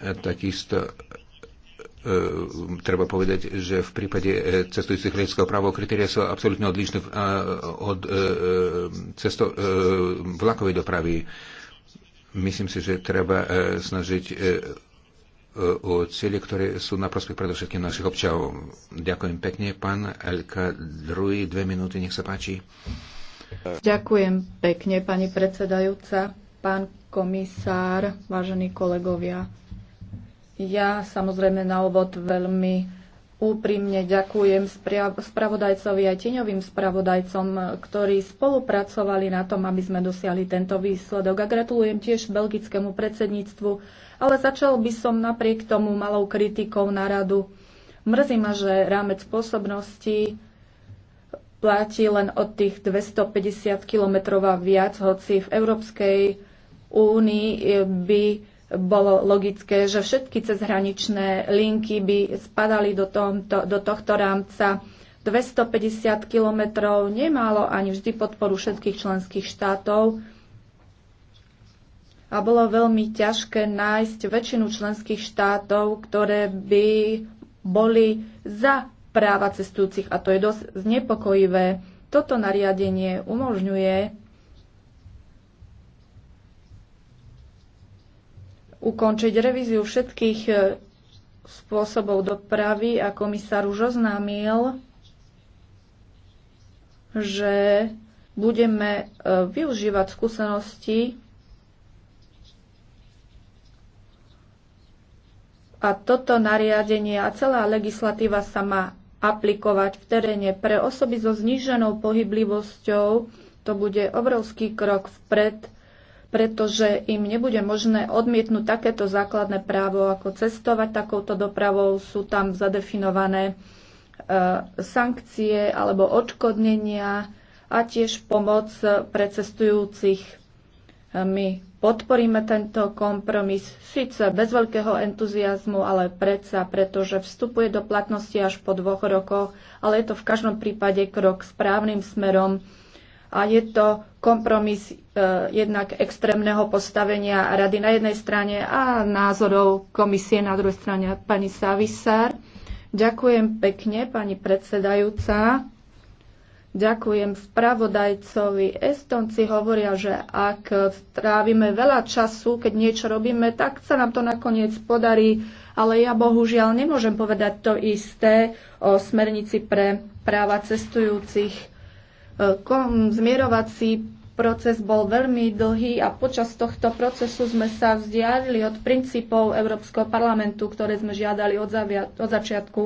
Takisto E, treba povedať, že v prípade e, cestujúcich lietského právo kritéria sú absolútne odlišné e, od cesto, vlakovej dopravy. Myslím si, že treba snažiť o cieľe, ktoré sú na prospech predovšetkým našich občanov. Ďakujem pekne, pán Elka Druj, dve minúty, nech sa páči.
Ďakujem pekne, pani predsedajúca, pán komisár, vážení kolegovia. Ja samozrejme na úvod veľmi úprimne ďakujem spravodajcovi aj tieňovým spravodajcom, ktorí spolupracovali na tom, aby sme dosiahli tento výsledok. A gratulujem tiež belgickému predsedníctvu, ale začal by som napriek tomu malou kritikou na radu. Mrzí ma, že rámec spôsobnosti platí len od tých 250 km a viac, hoci v Európskej únii by bolo logické, že všetky cezhraničné linky by spadali do, tomto, do tohto rámca. 250 kilometrov nemalo ani vždy podporu všetkých členských štátov a bolo veľmi ťažké nájsť väčšinu členských štátov, ktoré by boli za práva cestujúcich a to je dosť znepokojivé. Toto nariadenie umožňuje ukončiť revíziu všetkých e, spôsobov dopravy a komisár už oznámil, že budeme e, využívať skúsenosti a toto nariadenie a celá legislatíva sa má aplikovať v teréne pre osoby so zníženou pohyblivosťou. To bude obrovský krok vpred pretože im nebude možné odmietnúť takéto základné právo, ako cestovať takouto dopravou. Sú tam zadefinované e, sankcie alebo odškodnenia a tiež pomoc pre cestujúcich. E, my podporíme tento kompromis síce bez veľkého entuziasmu, ale predsa, pretože vstupuje do platnosti až po dvoch rokoch, ale je to v každom prípade krok správnym smerom a je to kompromis e, jednak extrémneho postavenia rady na jednej strane a názorov komisie na druhej strane. Pani Savisár, ďakujem pekne, pani predsedajúca. Ďakujem spravodajcovi. Estonci hovoria, že ak trávime veľa času, keď niečo robíme, tak sa nám to nakoniec podarí, ale ja bohužiaľ nemôžem povedať to isté o smernici pre práva cestujúcich Zmierovací proces bol veľmi dlhý a počas tohto procesu sme sa vzdialili od princípov Európskeho parlamentu, ktoré sme žiadali od, zavia- od začiatku.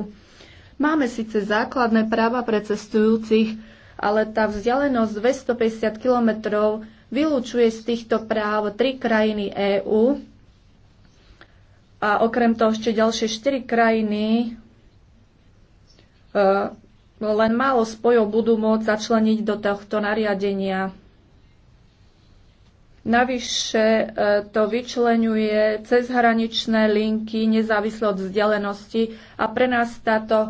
Máme síce základné práva pre cestujúcich, ale tá vzdialenosť 250 kilometrov vylúčuje z týchto práv tri krajiny EÚ a okrem toho ešte ďalšie štyri krajiny, e, len málo spojov budú môcť začleniť do tohto nariadenia. Navyše e, to vyčlenuje cezhraničné linky nezávisle od vzdialenosti a pre nás táto e,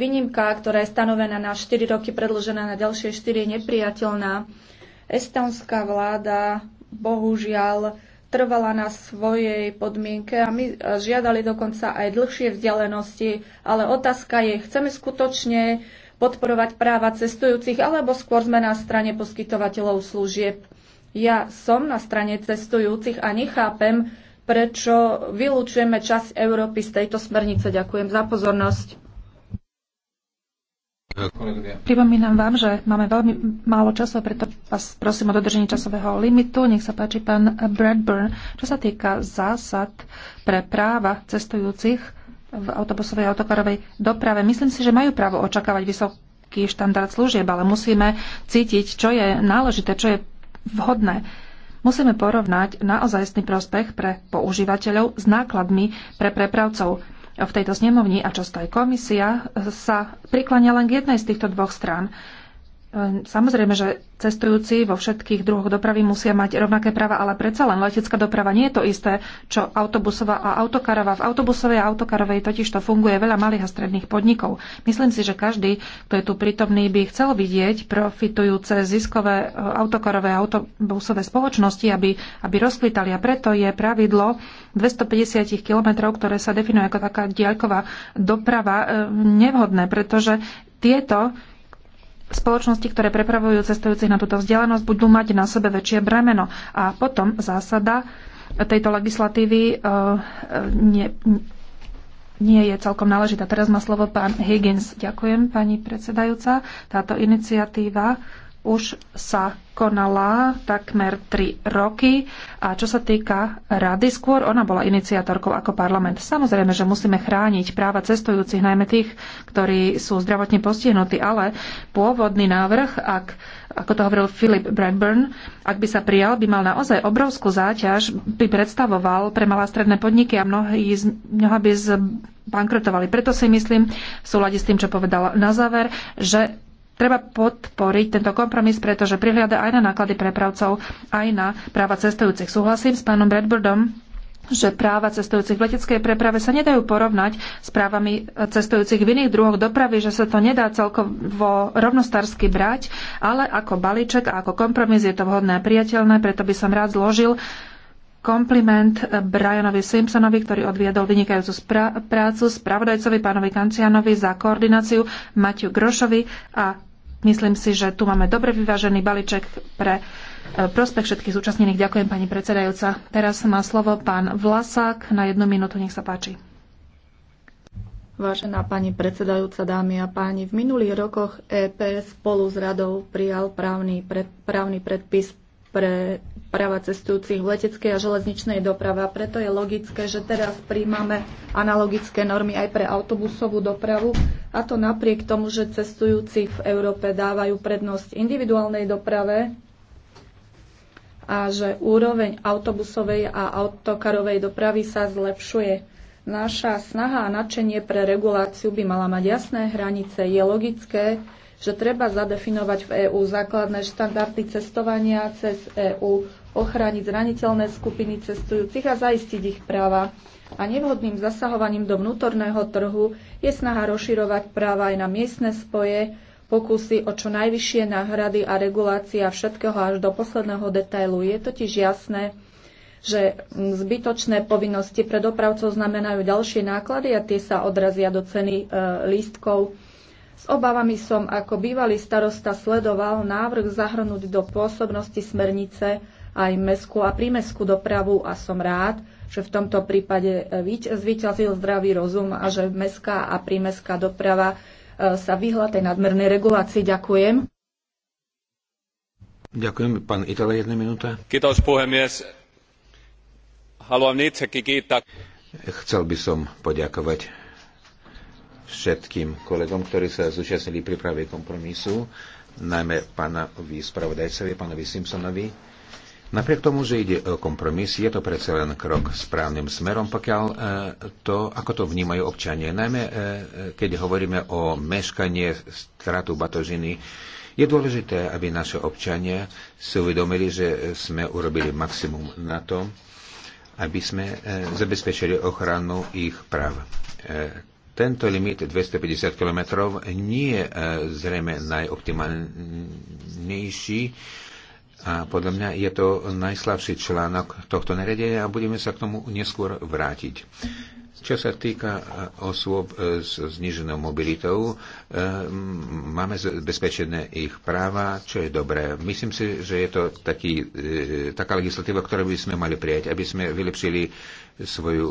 výnimka, ktorá je stanovená na 4 roky, predlžená na ďalšie 4, je nepriateľná. Estonská vláda bohužiaľ trvala na svojej podmienke a my e, žiadali dokonca aj dlhšie vzdialenosti, ale otázka je, chceme skutočne podporovať práva cestujúcich, alebo skôr sme na strane poskytovateľov služieb. Ja som na strane cestujúcich a nechápem, prečo vylúčujeme časť Európy z tejto smernice. Ďakujem za pozornosť.
Pripomínam vám, že máme veľmi málo času, preto vás prosím o dodrženie časového limitu. Nech sa páči, pán Bradburn. Čo sa týka zásad pre práva cestujúcich, v autobusovej autokarovej doprave. Myslím si, že majú právo očakávať vysoký štandard služieb, ale musíme cítiť, čo je náležité, čo je vhodné. Musíme porovnať naozajstný prospech pre používateľov s nákladmi pre prepravcov. V tejto snemovni a často aj komisia sa priklania len k jednej z týchto dvoch strán. Ehm, samozrejme, že cestujúci vo všetkých druhoch dopravy musia mať rovnaké práva, ale predsa len letecká doprava nie je to isté, čo autobusová a autokarová. V autobusovej a autokarovej totiž to funguje veľa malých a stredných podnikov. Myslím si, že každý, kto je tu prítomný, by chcel vidieť profitujúce ziskové e, autokarové a autobusové spoločnosti, aby, aby rozkvitali. A preto je pravidlo 250 kilometrov, ktoré sa definuje ako taká diaľková doprava, e, nevhodné, pretože tieto spoločnosti, ktoré prepravujú cestujúcich na túto vzdialenosť, budú mať na sebe väčšie bremeno. A potom zásada tejto legislatívy e, e, nie, nie je celkom náležitá. Teraz má slovo pán Higgins. Ďakujem, pani predsedajúca. Táto iniciatíva už sa konala takmer 3 roky a čo sa týka rady, skôr ona bola iniciatorkou ako parlament. Samozrejme, že musíme chrániť práva cestujúcich, najmä tých, ktorí sú zdravotne postihnutí, ale pôvodný návrh, ak, ako to hovoril Philip Bradburn, ak by sa prijal, by mal naozaj obrovskú záťaž, by predstavoval pre malé stredné podniky a mnohí, z mnoha by z bankrotovali. Preto si myslím, v súlade s tým, čo povedala na záver, že Treba podporiť tento kompromis, pretože prihliada aj na náklady prepravcov, aj na práva cestujúcich. Súhlasím s pánom Bradburdom, že práva cestujúcich v leteckej preprave sa nedajú porovnať s právami cestujúcich v iných druhoch dopravy, že sa to nedá celkovo rovnostarsky brať, ale ako balíček a ako kompromis je to vhodné a priateľné, preto by som rád zložil kompliment Brianovi Simpsonovi, ktorý odviedol vynikajúcu spra- prácu, spravodajcovi pánovi Kancianovi za koordináciu, Matiu Grošovi a Myslím si, že tu máme dobre vyvážený balíček pre e, prospech všetkých zúčastnených. Ďakujem, pani predsedajúca. Teraz má slovo pán Vlasák. Na jednu minútu, nech sa páči. Vážená pani
predsedajúca, dámy a páni, v minulých rokoch EP spolu s radou prijal právny, pred, právny predpis pre práva cestujúcich v leteckej a železničnej doprave. A preto je logické, že teraz príjmame analogické normy aj pre autobusovú dopravu, a to napriek tomu, že cestujúci v Európe dávajú prednosť individuálnej doprave a že úroveň autobusovej a autokarovej dopravy sa zlepšuje. Naša snaha a nadšenie pre reguláciu by mala mať jasné hranice. Je logické, že treba zadefinovať v EÚ základné štandardy cestovania cez EÚ ochrániť zraniteľné skupiny cestujúcich a zaistiť ich práva. A nevhodným zasahovaním do vnútorného trhu je snaha rozširovať práva aj na miestne spoje, pokusy o čo najvyššie náhrady a regulácia všetkého až do posledného detailu. Je totiž jasné, že zbytočné povinnosti pre dopravcov znamenajú ďalšie náklady a tie sa odrazia do ceny e, lístkov. S obavami som ako bývalý starosta sledoval návrh zahrnúť do pôsobnosti smernice aj mestskú a prímeskú dopravu a som rád, že v tomto prípade e, zvíťazil zdravý rozum a že mestská a prímeská doprava e, sa vyhla tej nadmernej regulácii. Ďakujem.
Ďakujem. Pán Itala, jedna minúta. Kiitos puhemies. Haluam
itsekin kiittää.
Chcel by som poďakovať všetkým kolegom, ktorí sa zúčastnili príprave kompromisu, najmä pánovi spravodajcovi, pánovi Simpsonovi Napriek tomu, že ide o kompromis, je to predsa len krok správnym smerom, pokiaľ e, to, ako to vnímajú občania. Najmä e, e, keď hovoríme o meškanie stratu batožiny, je dôležité, aby naše občania si uvedomili, že sme urobili maximum na to, aby sme zabezpečili ochranu ich práv. Tento limit 250 km nie je zrejme najoptimálnejší, a podľa mňa je to najslabší článok tohto nariadenia a budeme sa k tomu neskôr vrátiť. Čo sa týka e, osôb e, s zniženou mobilitou, e, máme zabezpečené ich práva, čo je dobré. Myslím si, že je to taký, taká legislatíva, ktorú by sme mali prijať, aby sme vylepšili svoju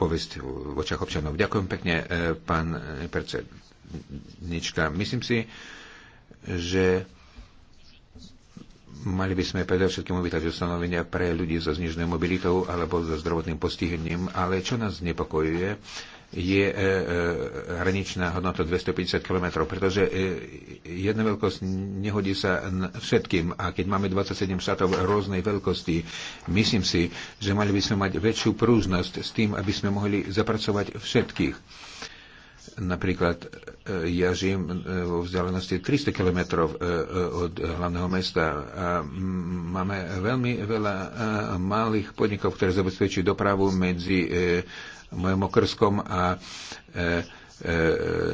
povesť v očach občanov. Ďakujem pekne, pán predsednička. Myslím si, že Mali by sme predovšetkým uvítať ustanovenia pre ľudí so znižnou mobilitou alebo so zdravotným postihením, ale čo nás znepokojuje, je e, e, hraničná hodnota 250 km, pretože e, jedna veľkosť nehodí sa všetkým a keď máme 27 štátov rôznej veľkosti, myslím si, že mali by sme mať väčšiu prúžnosť s tým, aby sme mohli zapracovať všetkých Napríklad e, ja žijem e, vo vzdialenosti 300 km e, od hlavného mesta a máme veľmi veľa malých podnikov, ktoré zabezpečujú dopravu medzi mojim okrskom a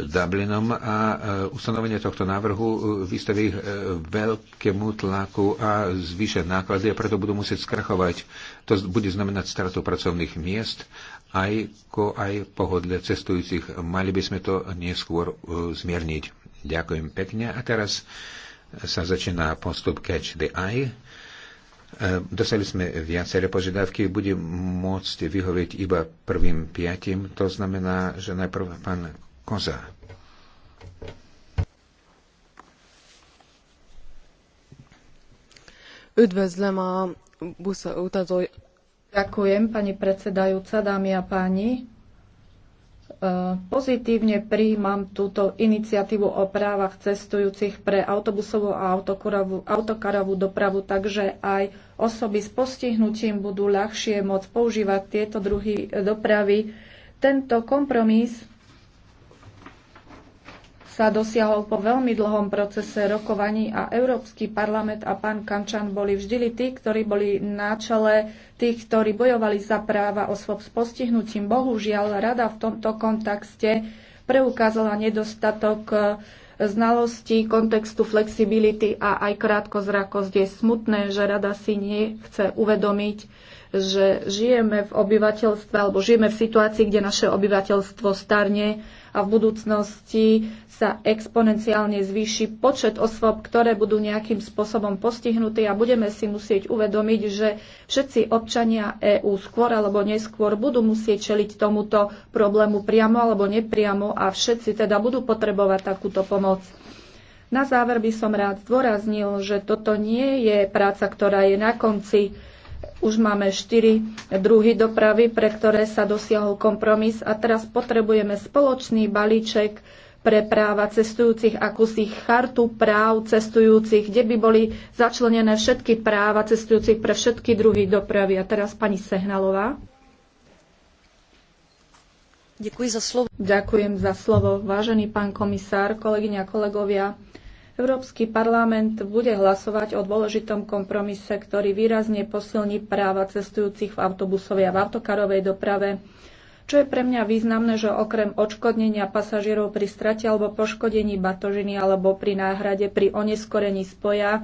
Dublinom a ustanovenie tohto návrhu vystaví ich veľkému tlaku a zvýšia náklady a preto budú musieť skrachovať. To bude znamenať stratu pracovných miest aj, ko aj pohodlie cestujúcich. Mali by sme to neskôr e, zmierniť. Ďakujem pekne. A teraz sa začína postup Catch the Eye. E, dostali sme viaceré požiadavky, bude môcť vyhovieť iba prvým piatim, to znamená, že najprv pán Koza.
Üdvözlöm a busz utazó
Ďakujem, pani predsedajúca, dámy a páni. E, pozitívne príjmam túto iniciatívu o právach cestujúcich pre autobusovú a autokarovú dopravu, takže aj osoby s postihnutím budú ľahšie môcť používať tieto druhy dopravy. Tento kompromis sa dosiahol po veľmi dlhom procese rokovaní a Európsky parlament a pán Kančan boli vždy tí, ktorí boli na čele tých, ktorí bojovali za práva osôb s postihnutím. Bohužiaľ, rada v tomto kontexte preukázala nedostatok e, znalosti, kontextu, flexibility a aj krátkozrakosť. Je smutné, že rada si nechce uvedomiť, že žijeme v obyvateľstve alebo žijeme v situácii, kde naše obyvateľstvo starne a v budúcnosti sa exponenciálne zvýši počet osôb, ktoré budú nejakým spôsobom postihnuté a budeme si musieť uvedomiť, že všetci občania EÚ skôr alebo neskôr budú musieť čeliť tomuto problému priamo alebo nepriamo a všetci teda budú potrebovať takúto pomoc. Na záver by som rád zdôraznil, že toto nie je práca, ktorá je na konci už máme štyri druhy dopravy, pre ktoré sa dosiahol kompromis a teraz potrebujeme spoločný balíček pre práva cestujúcich, akúsi chartu práv cestujúcich, kde by boli začlenené všetky práva cestujúcich pre všetky druhy dopravy. A teraz pani Sehnalová. Ďakujem za slovo. Ďakujem za slovo. Vážený pán komisár, kolegyňa, kolegovia, Európsky parlament bude hlasovať o dôležitom kompromise, ktorý výrazne posilní práva cestujúcich v autobusovej a v autokarovej doprave. Čo je pre mňa významné, že okrem odškodnenia pasažierov pri strate alebo poškodení batožiny alebo pri náhrade pri oneskorení spoja,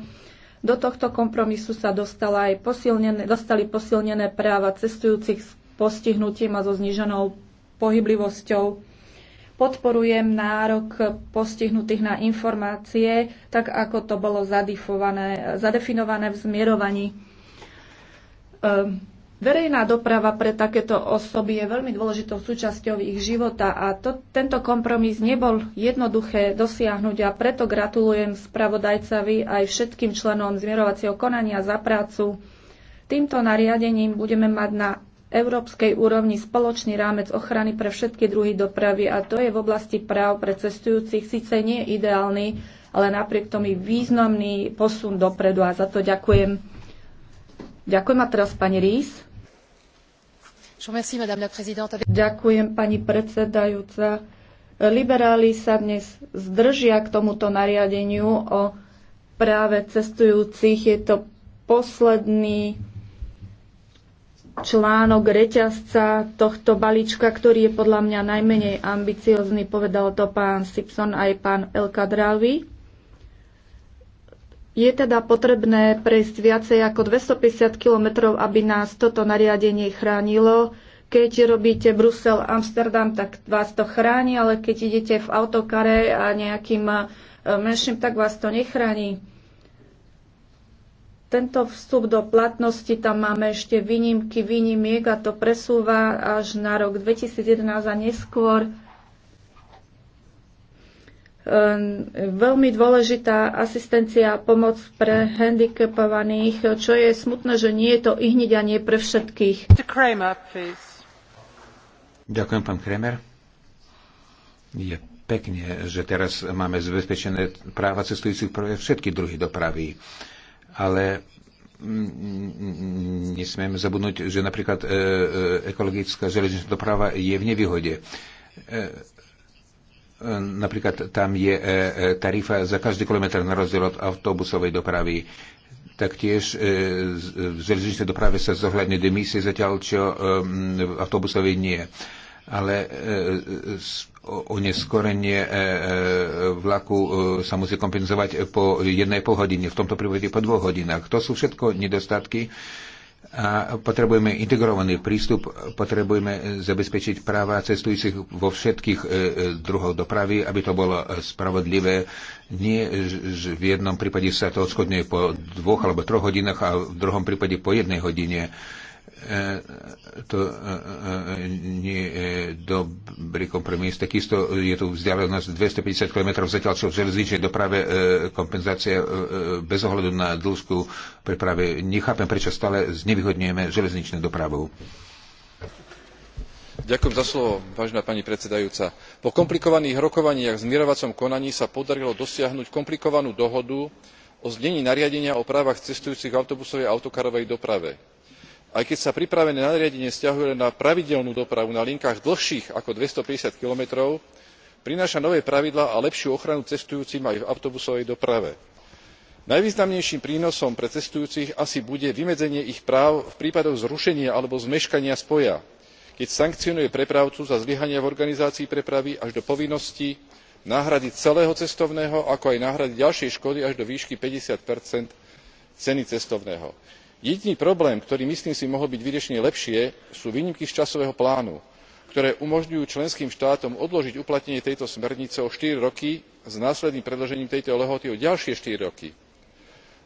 do tohto kompromisu sa dostala aj posilnené, dostali posilnené práva cestujúcich s postihnutím a so zniženou pohyblivosťou podporujem nárok postihnutých na informácie, tak ako to bolo zadefinované v zmierovaní. Ehm, verejná doprava pre takéto osoby je veľmi dôležitou súčasťou ich života a to, tento kompromis nebol jednoduché dosiahnuť a preto gratulujem spravodajcovi aj všetkým členom zmierovacieho konania za prácu. Týmto nariadením budeme mať na európskej úrovni spoločný rámec ochrany pre všetky druhy dopravy a to je v oblasti práv pre cestujúcich síce nie ideálny, ale napriek tomu významný posun dopredu a za to ďakujem. Ďakujem a teraz pani Rís. Ďakujem pani predsedajúca. Liberáli sa dnes zdržia k tomuto nariadeniu o práve cestujúcich. Je to posledný článok reťazca tohto balíčka, ktorý je podľa mňa najmenej ambiciozný, povedal to pán Simpson aj pán El Kadravi. Je teda potrebné prejsť viacej ako 250 kilometrov, aby nás toto nariadenie chránilo. Keď robíte Brusel, Amsterdam, tak vás to chráni, ale keď idete v autokare a nejakým eh, menším, tak vás to nechráni. Tento vstup do platnosti, tam máme ešte výnimky, výnimiek a to presúva až na rok 2011 a neskôr. Ehm, veľmi dôležitá asistencia a pomoc pre handicapovaných, čo je smutné, že nie je to i hneď a nie pre všetkých.
Ďakujem, pán Kremer. Je pekne, že teraz máme zabezpečené práva cestujúcich pre všetky druhy dopravy ale mm, mm, nesmieme zabudnúť, že napríklad e, e, ekologická železničná doprava je v nevýhode. E, napríklad tam je tarifa za každý kilometr na rozdiel od autobusovej dopravy. Taktiež v železničnej doprave sa zohľadne demisie, zatiaľ čo v autobusovej nie. Ale oneskorenie e, e, vlaku e, sa musí kompenzovať po jednej pol hodine, v tomto prípade po dvoch hodinách. To sú všetko nedostatky a potrebujeme integrovaný prístup, potrebujeme zabezpečiť práva cestujúcich vo všetkých druhoch dopravy, aby to bolo spravodlivé. Nie, že v jednom prípade sa to odschodňuje po dvoch alebo troch hodinách a v druhom prípade po jednej hodine to e, e, e, nie je dobrý kompromis. Takisto je tu vzdialenosť 250 km, zatiaľ čo v železničnej doprave kompenzácia bez ohľadu na dĺžku prepravy. Nechápem, prečo stále znevýhodňujeme železničnú dopravu.
Ďakujem za slovo, vážená pani predsedajúca. Po komplikovaných rokovaniach v zmierovacom konaní sa podarilo dosiahnuť komplikovanú dohodu o znení nariadenia o právach cestujúcich v autobusovej a autokarovej doprave aj keď sa pripravené nariadenie vzťahuje len na pravidelnú dopravu na linkách dlhších ako two hundred and fifty kilometrov prináša nové pravidlá a lepšiu ochranu cestujúcim aj v autobusovej doprave. najvýznamnejším prínosom pre cestujúcich asi bude vymedzenie ich práv v prípadoch zrušenia alebo zmeškania spoja keď sankcionuje prepravcu za zlyhania v organizácii prepravy až do povinnosti náhrady celého cestovného ako aj náhrady ďalšej škody až do výšky fifty ceny cestovného jediný problém ktorý myslím si mohol byť vyriešený lepšie sú výnimky z časového plánu ktoré umožňujú členským štátom odložiť uplatnenie tejto smernice o štyri roky s následným predĺžením tejto lehoty o ďalšie štyri roky.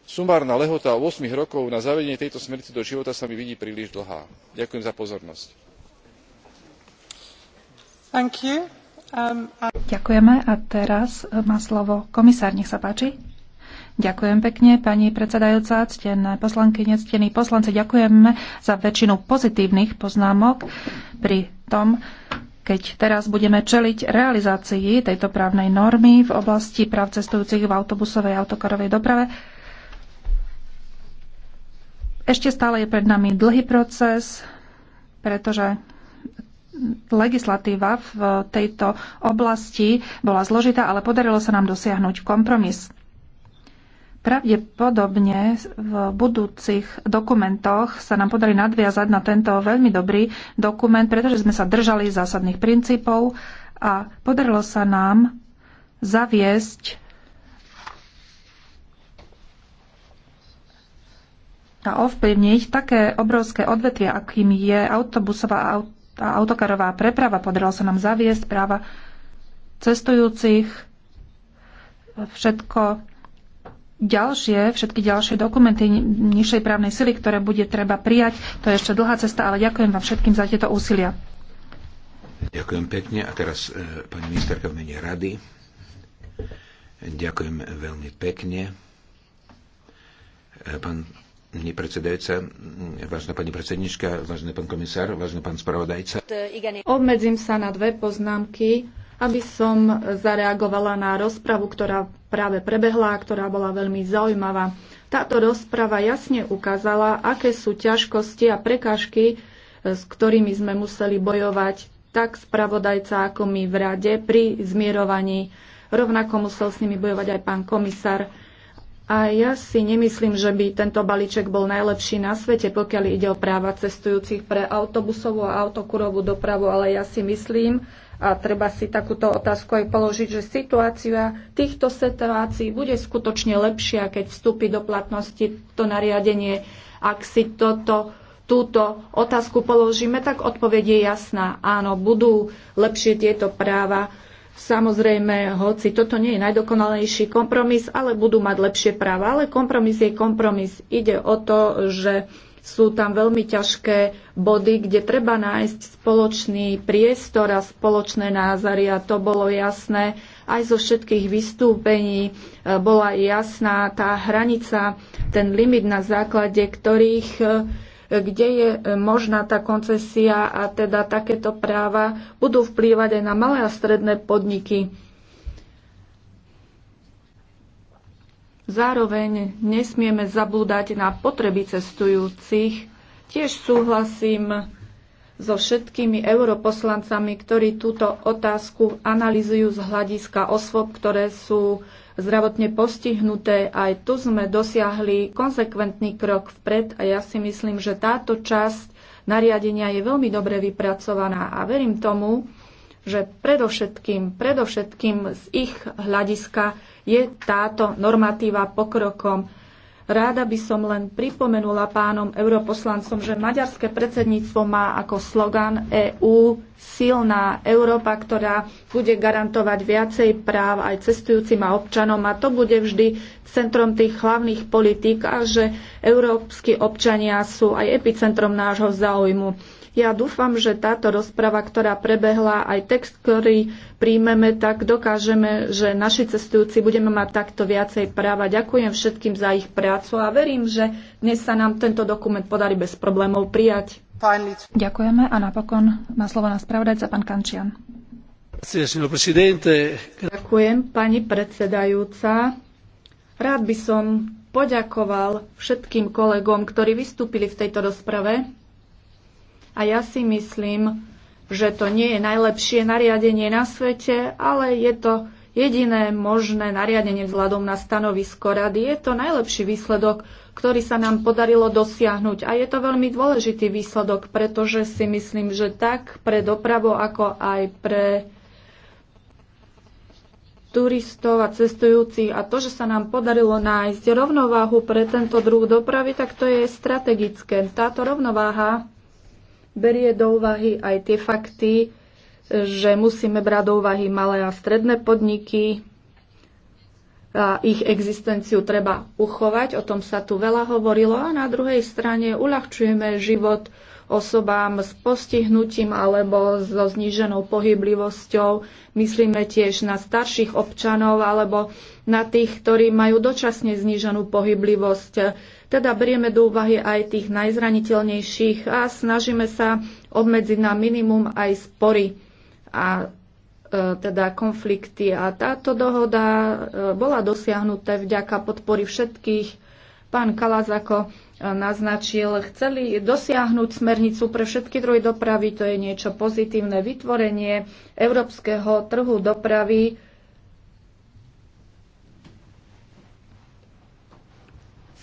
sumárna lehota ôsmich rokov na zavedenie tejto smernice do života sa mi vidí príliš dlhá. ďakujem za pozornosť.
Um, a teraz má slovo komisár Ďakujem pekne, pani predsedajúca, ctené poslanky, nectení poslanci. Ďakujeme za väčšinu pozitívnych poznámok pri tom, keď teraz budeme čeliť realizácii tejto právnej normy v oblasti práv cestujúcich v autobusovej a autokarovej doprave. Ešte stále je pred nami dlhý proces, pretože legislatíva v tejto oblasti bola zložitá, ale podarilo sa nám dosiahnuť kompromis. Pravdepodobne v budúcich dokumentoch sa nám podarí nadviazať na tento veľmi dobrý dokument, pretože sme sa držali zásadných princípov a podarilo sa nám zaviesť a ovplyvniť také obrovské odvetvie, akým je autobusová a autokarová preprava. Podarilo sa nám zaviesť práva cestujúcich, všetko ďalšie, všetky ďalšie dokumenty nižšej právnej sily, ktoré bude treba prijať. To je ešte dlhá cesta, ale ďakujem vám všetkým za tieto úsilia.
Ďakujem pekne. A teraz e, pani ministerka v mene rady. Ďakujem veľmi pekne. E, pán pani predsedajúca, vážna pani predsednička, vážny pán komisár, vážny pán spravodajca.
Obmedzím sa na dve poznámky aby som zareagovala na rozpravu, ktorá práve prebehla, ktorá bola veľmi zaujímavá. Táto rozprava jasne ukázala, aké sú ťažkosti a prekážky, e, s ktorými sme museli bojovať tak spravodajca ako my v rade pri zmierovaní. Rovnako musel s nimi bojovať aj pán komisár. A ja si nemyslím, že by tento balíček bol najlepší na svete, pokiaľ ide o práva cestujúcich pre autobusovú a autokurovú dopravu, ale ja si myslím, a treba si takúto otázku aj položiť, že situácia týchto situácií bude skutočne lepšia, keď vstúpi do platnosti to nariadenie. Ak si toto, túto otázku položíme, tak odpoveď je jasná. Áno, budú lepšie tieto práva. Samozrejme, hoci toto nie je najdokonalejší kompromis, ale budú mať lepšie práva. Ale kompromis je kompromis. Ide o to, že sú tam veľmi ťažké body, kde treba nájsť spoločný priestor a spoločné názory a to bolo jasné. Aj zo všetkých vystúpení e, bola jasná tá hranica, ten limit na základe ktorých e, kde je e, možná tá koncesia a teda takéto práva budú vplývať aj na malé a stredné podniky. Zároveň nesmieme zabúdať na potreby cestujúcich. Tiež súhlasím so všetkými europoslancami, ktorí túto otázku analizujú z hľadiska osôb, ktoré sú zdravotne postihnuté. Aj tu sme dosiahli konsekventný krok vpred a ja si myslím, že táto časť nariadenia je veľmi dobre vypracovaná a verím tomu, že predovšetkým, predovšetkým z ich hľadiska je táto normatíva pokrokom? Ráda by som len pripomenula pánom europoslancom, že maďarské predsedníctvo má ako slogan EÚ silná Európa, ktorá bude garantovať viacej práv aj cestujúcim a občanom a to bude vždy centrom tých hlavných politík a že európsky občania sú aj epicentrom nášho záujmu. Ja dúfam, že táto rozprava, ktorá prebehla, aj text, ktorý príjmeme, tak dokážeme, že naši cestujúci budeme mať takto viacej práva. Ďakujem všetkým za ich prácu a verím, že dnes sa nám tento dokument podarí bez problémov prijať. Ďakujeme a napokon má slovo na spravodajca pán Kančian. Ďakujem, pani predsedajúca. Rád by som poďakoval všetkým kolegom, ktorí vystúpili v tejto rozprave a ja si myslím, že to nie je najlepšie nariadenie na svete, ale je to jediné možné nariadenie vzhľadom na stanovisko rady. Je to najlepší výsledok, ktorý sa nám podarilo dosiahnuť. A je to veľmi dôležitý výsledok, pretože si myslím, že tak pre dopravu, ako aj pre turistov a cestujúcich a to, že sa nám podarilo nájsť rovnováhu pre tento druh dopravy, tak to je strategické. Táto rovnováha berie do úvahy aj tie fakty, že musíme brať do úvahy malé a stredné podniky a ich existenciu treba uchovať, o tom sa tu veľa hovorilo a na druhej strane uľahčujeme život osobám s postihnutím alebo so zníženou pohyblivosťou. Myslíme tiež na starších občanov alebo na tých, ktorí majú dočasne zníženú pohyblivosť. Teda berieme do úvahy aj tých najzraniteľnejších a snažíme sa obmedziť na minimum aj spory a e, teda konflikty. A táto dohoda e, bola dosiahnuté vďaka podpory všetkých. Pán Kalazako, naznačil, chceli dosiahnuť smernicu pre všetky druhy dopravy. To je niečo pozitívne. Vytvorenie európskeho trhu dopravy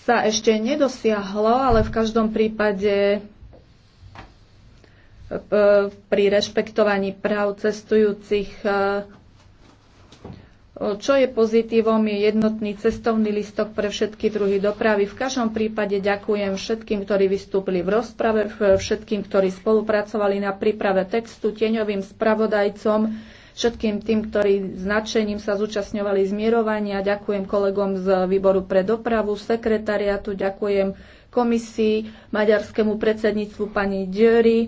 sa ešte nedosiahlo, ale v každom prípade e, pri rešpektovaní práv cestujúcich e, čo je pozitívom, je jednotný cestovný listok pre všetky druhy dopravy. V každom prípade ďakujem všetkým, ktorí vystúpili v rozprave, všetkým, ktorí spolupracovali na príprave textu, tieňovým spravodajcom, všetkým tým, ktorí značením sa zúčastňovali zmierovania. Ďakujem kolegom z výboru pre dopravu, sekretariatu, ďakujem komisii, maďarskému predsedníctvu pani Djöri,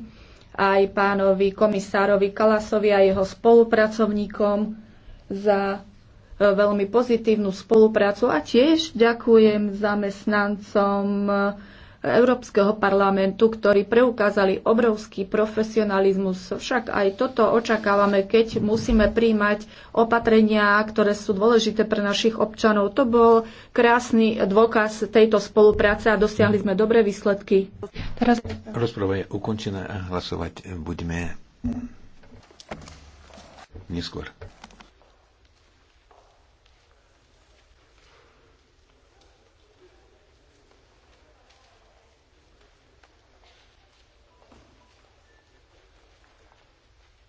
aj pánovi komisárovi Kalasovi a jeho spolupracovníkom za E, veľmi pozitívnu spoluprácu a tiež ďakujem zamestnancom e, Európskeho parlamentu, ktorí preukázali obrovský profesionalizmus. Však aj toto očakávame, keď musíme príjmať opatrenia, ktoré sú dôležité pre našich občanov. To bol krásny dôkaz tejto spolupráce a dosiahli sme dobré výsledky. Teraz...
Rozpráva je ukončená a hlasovať budeme neskôr.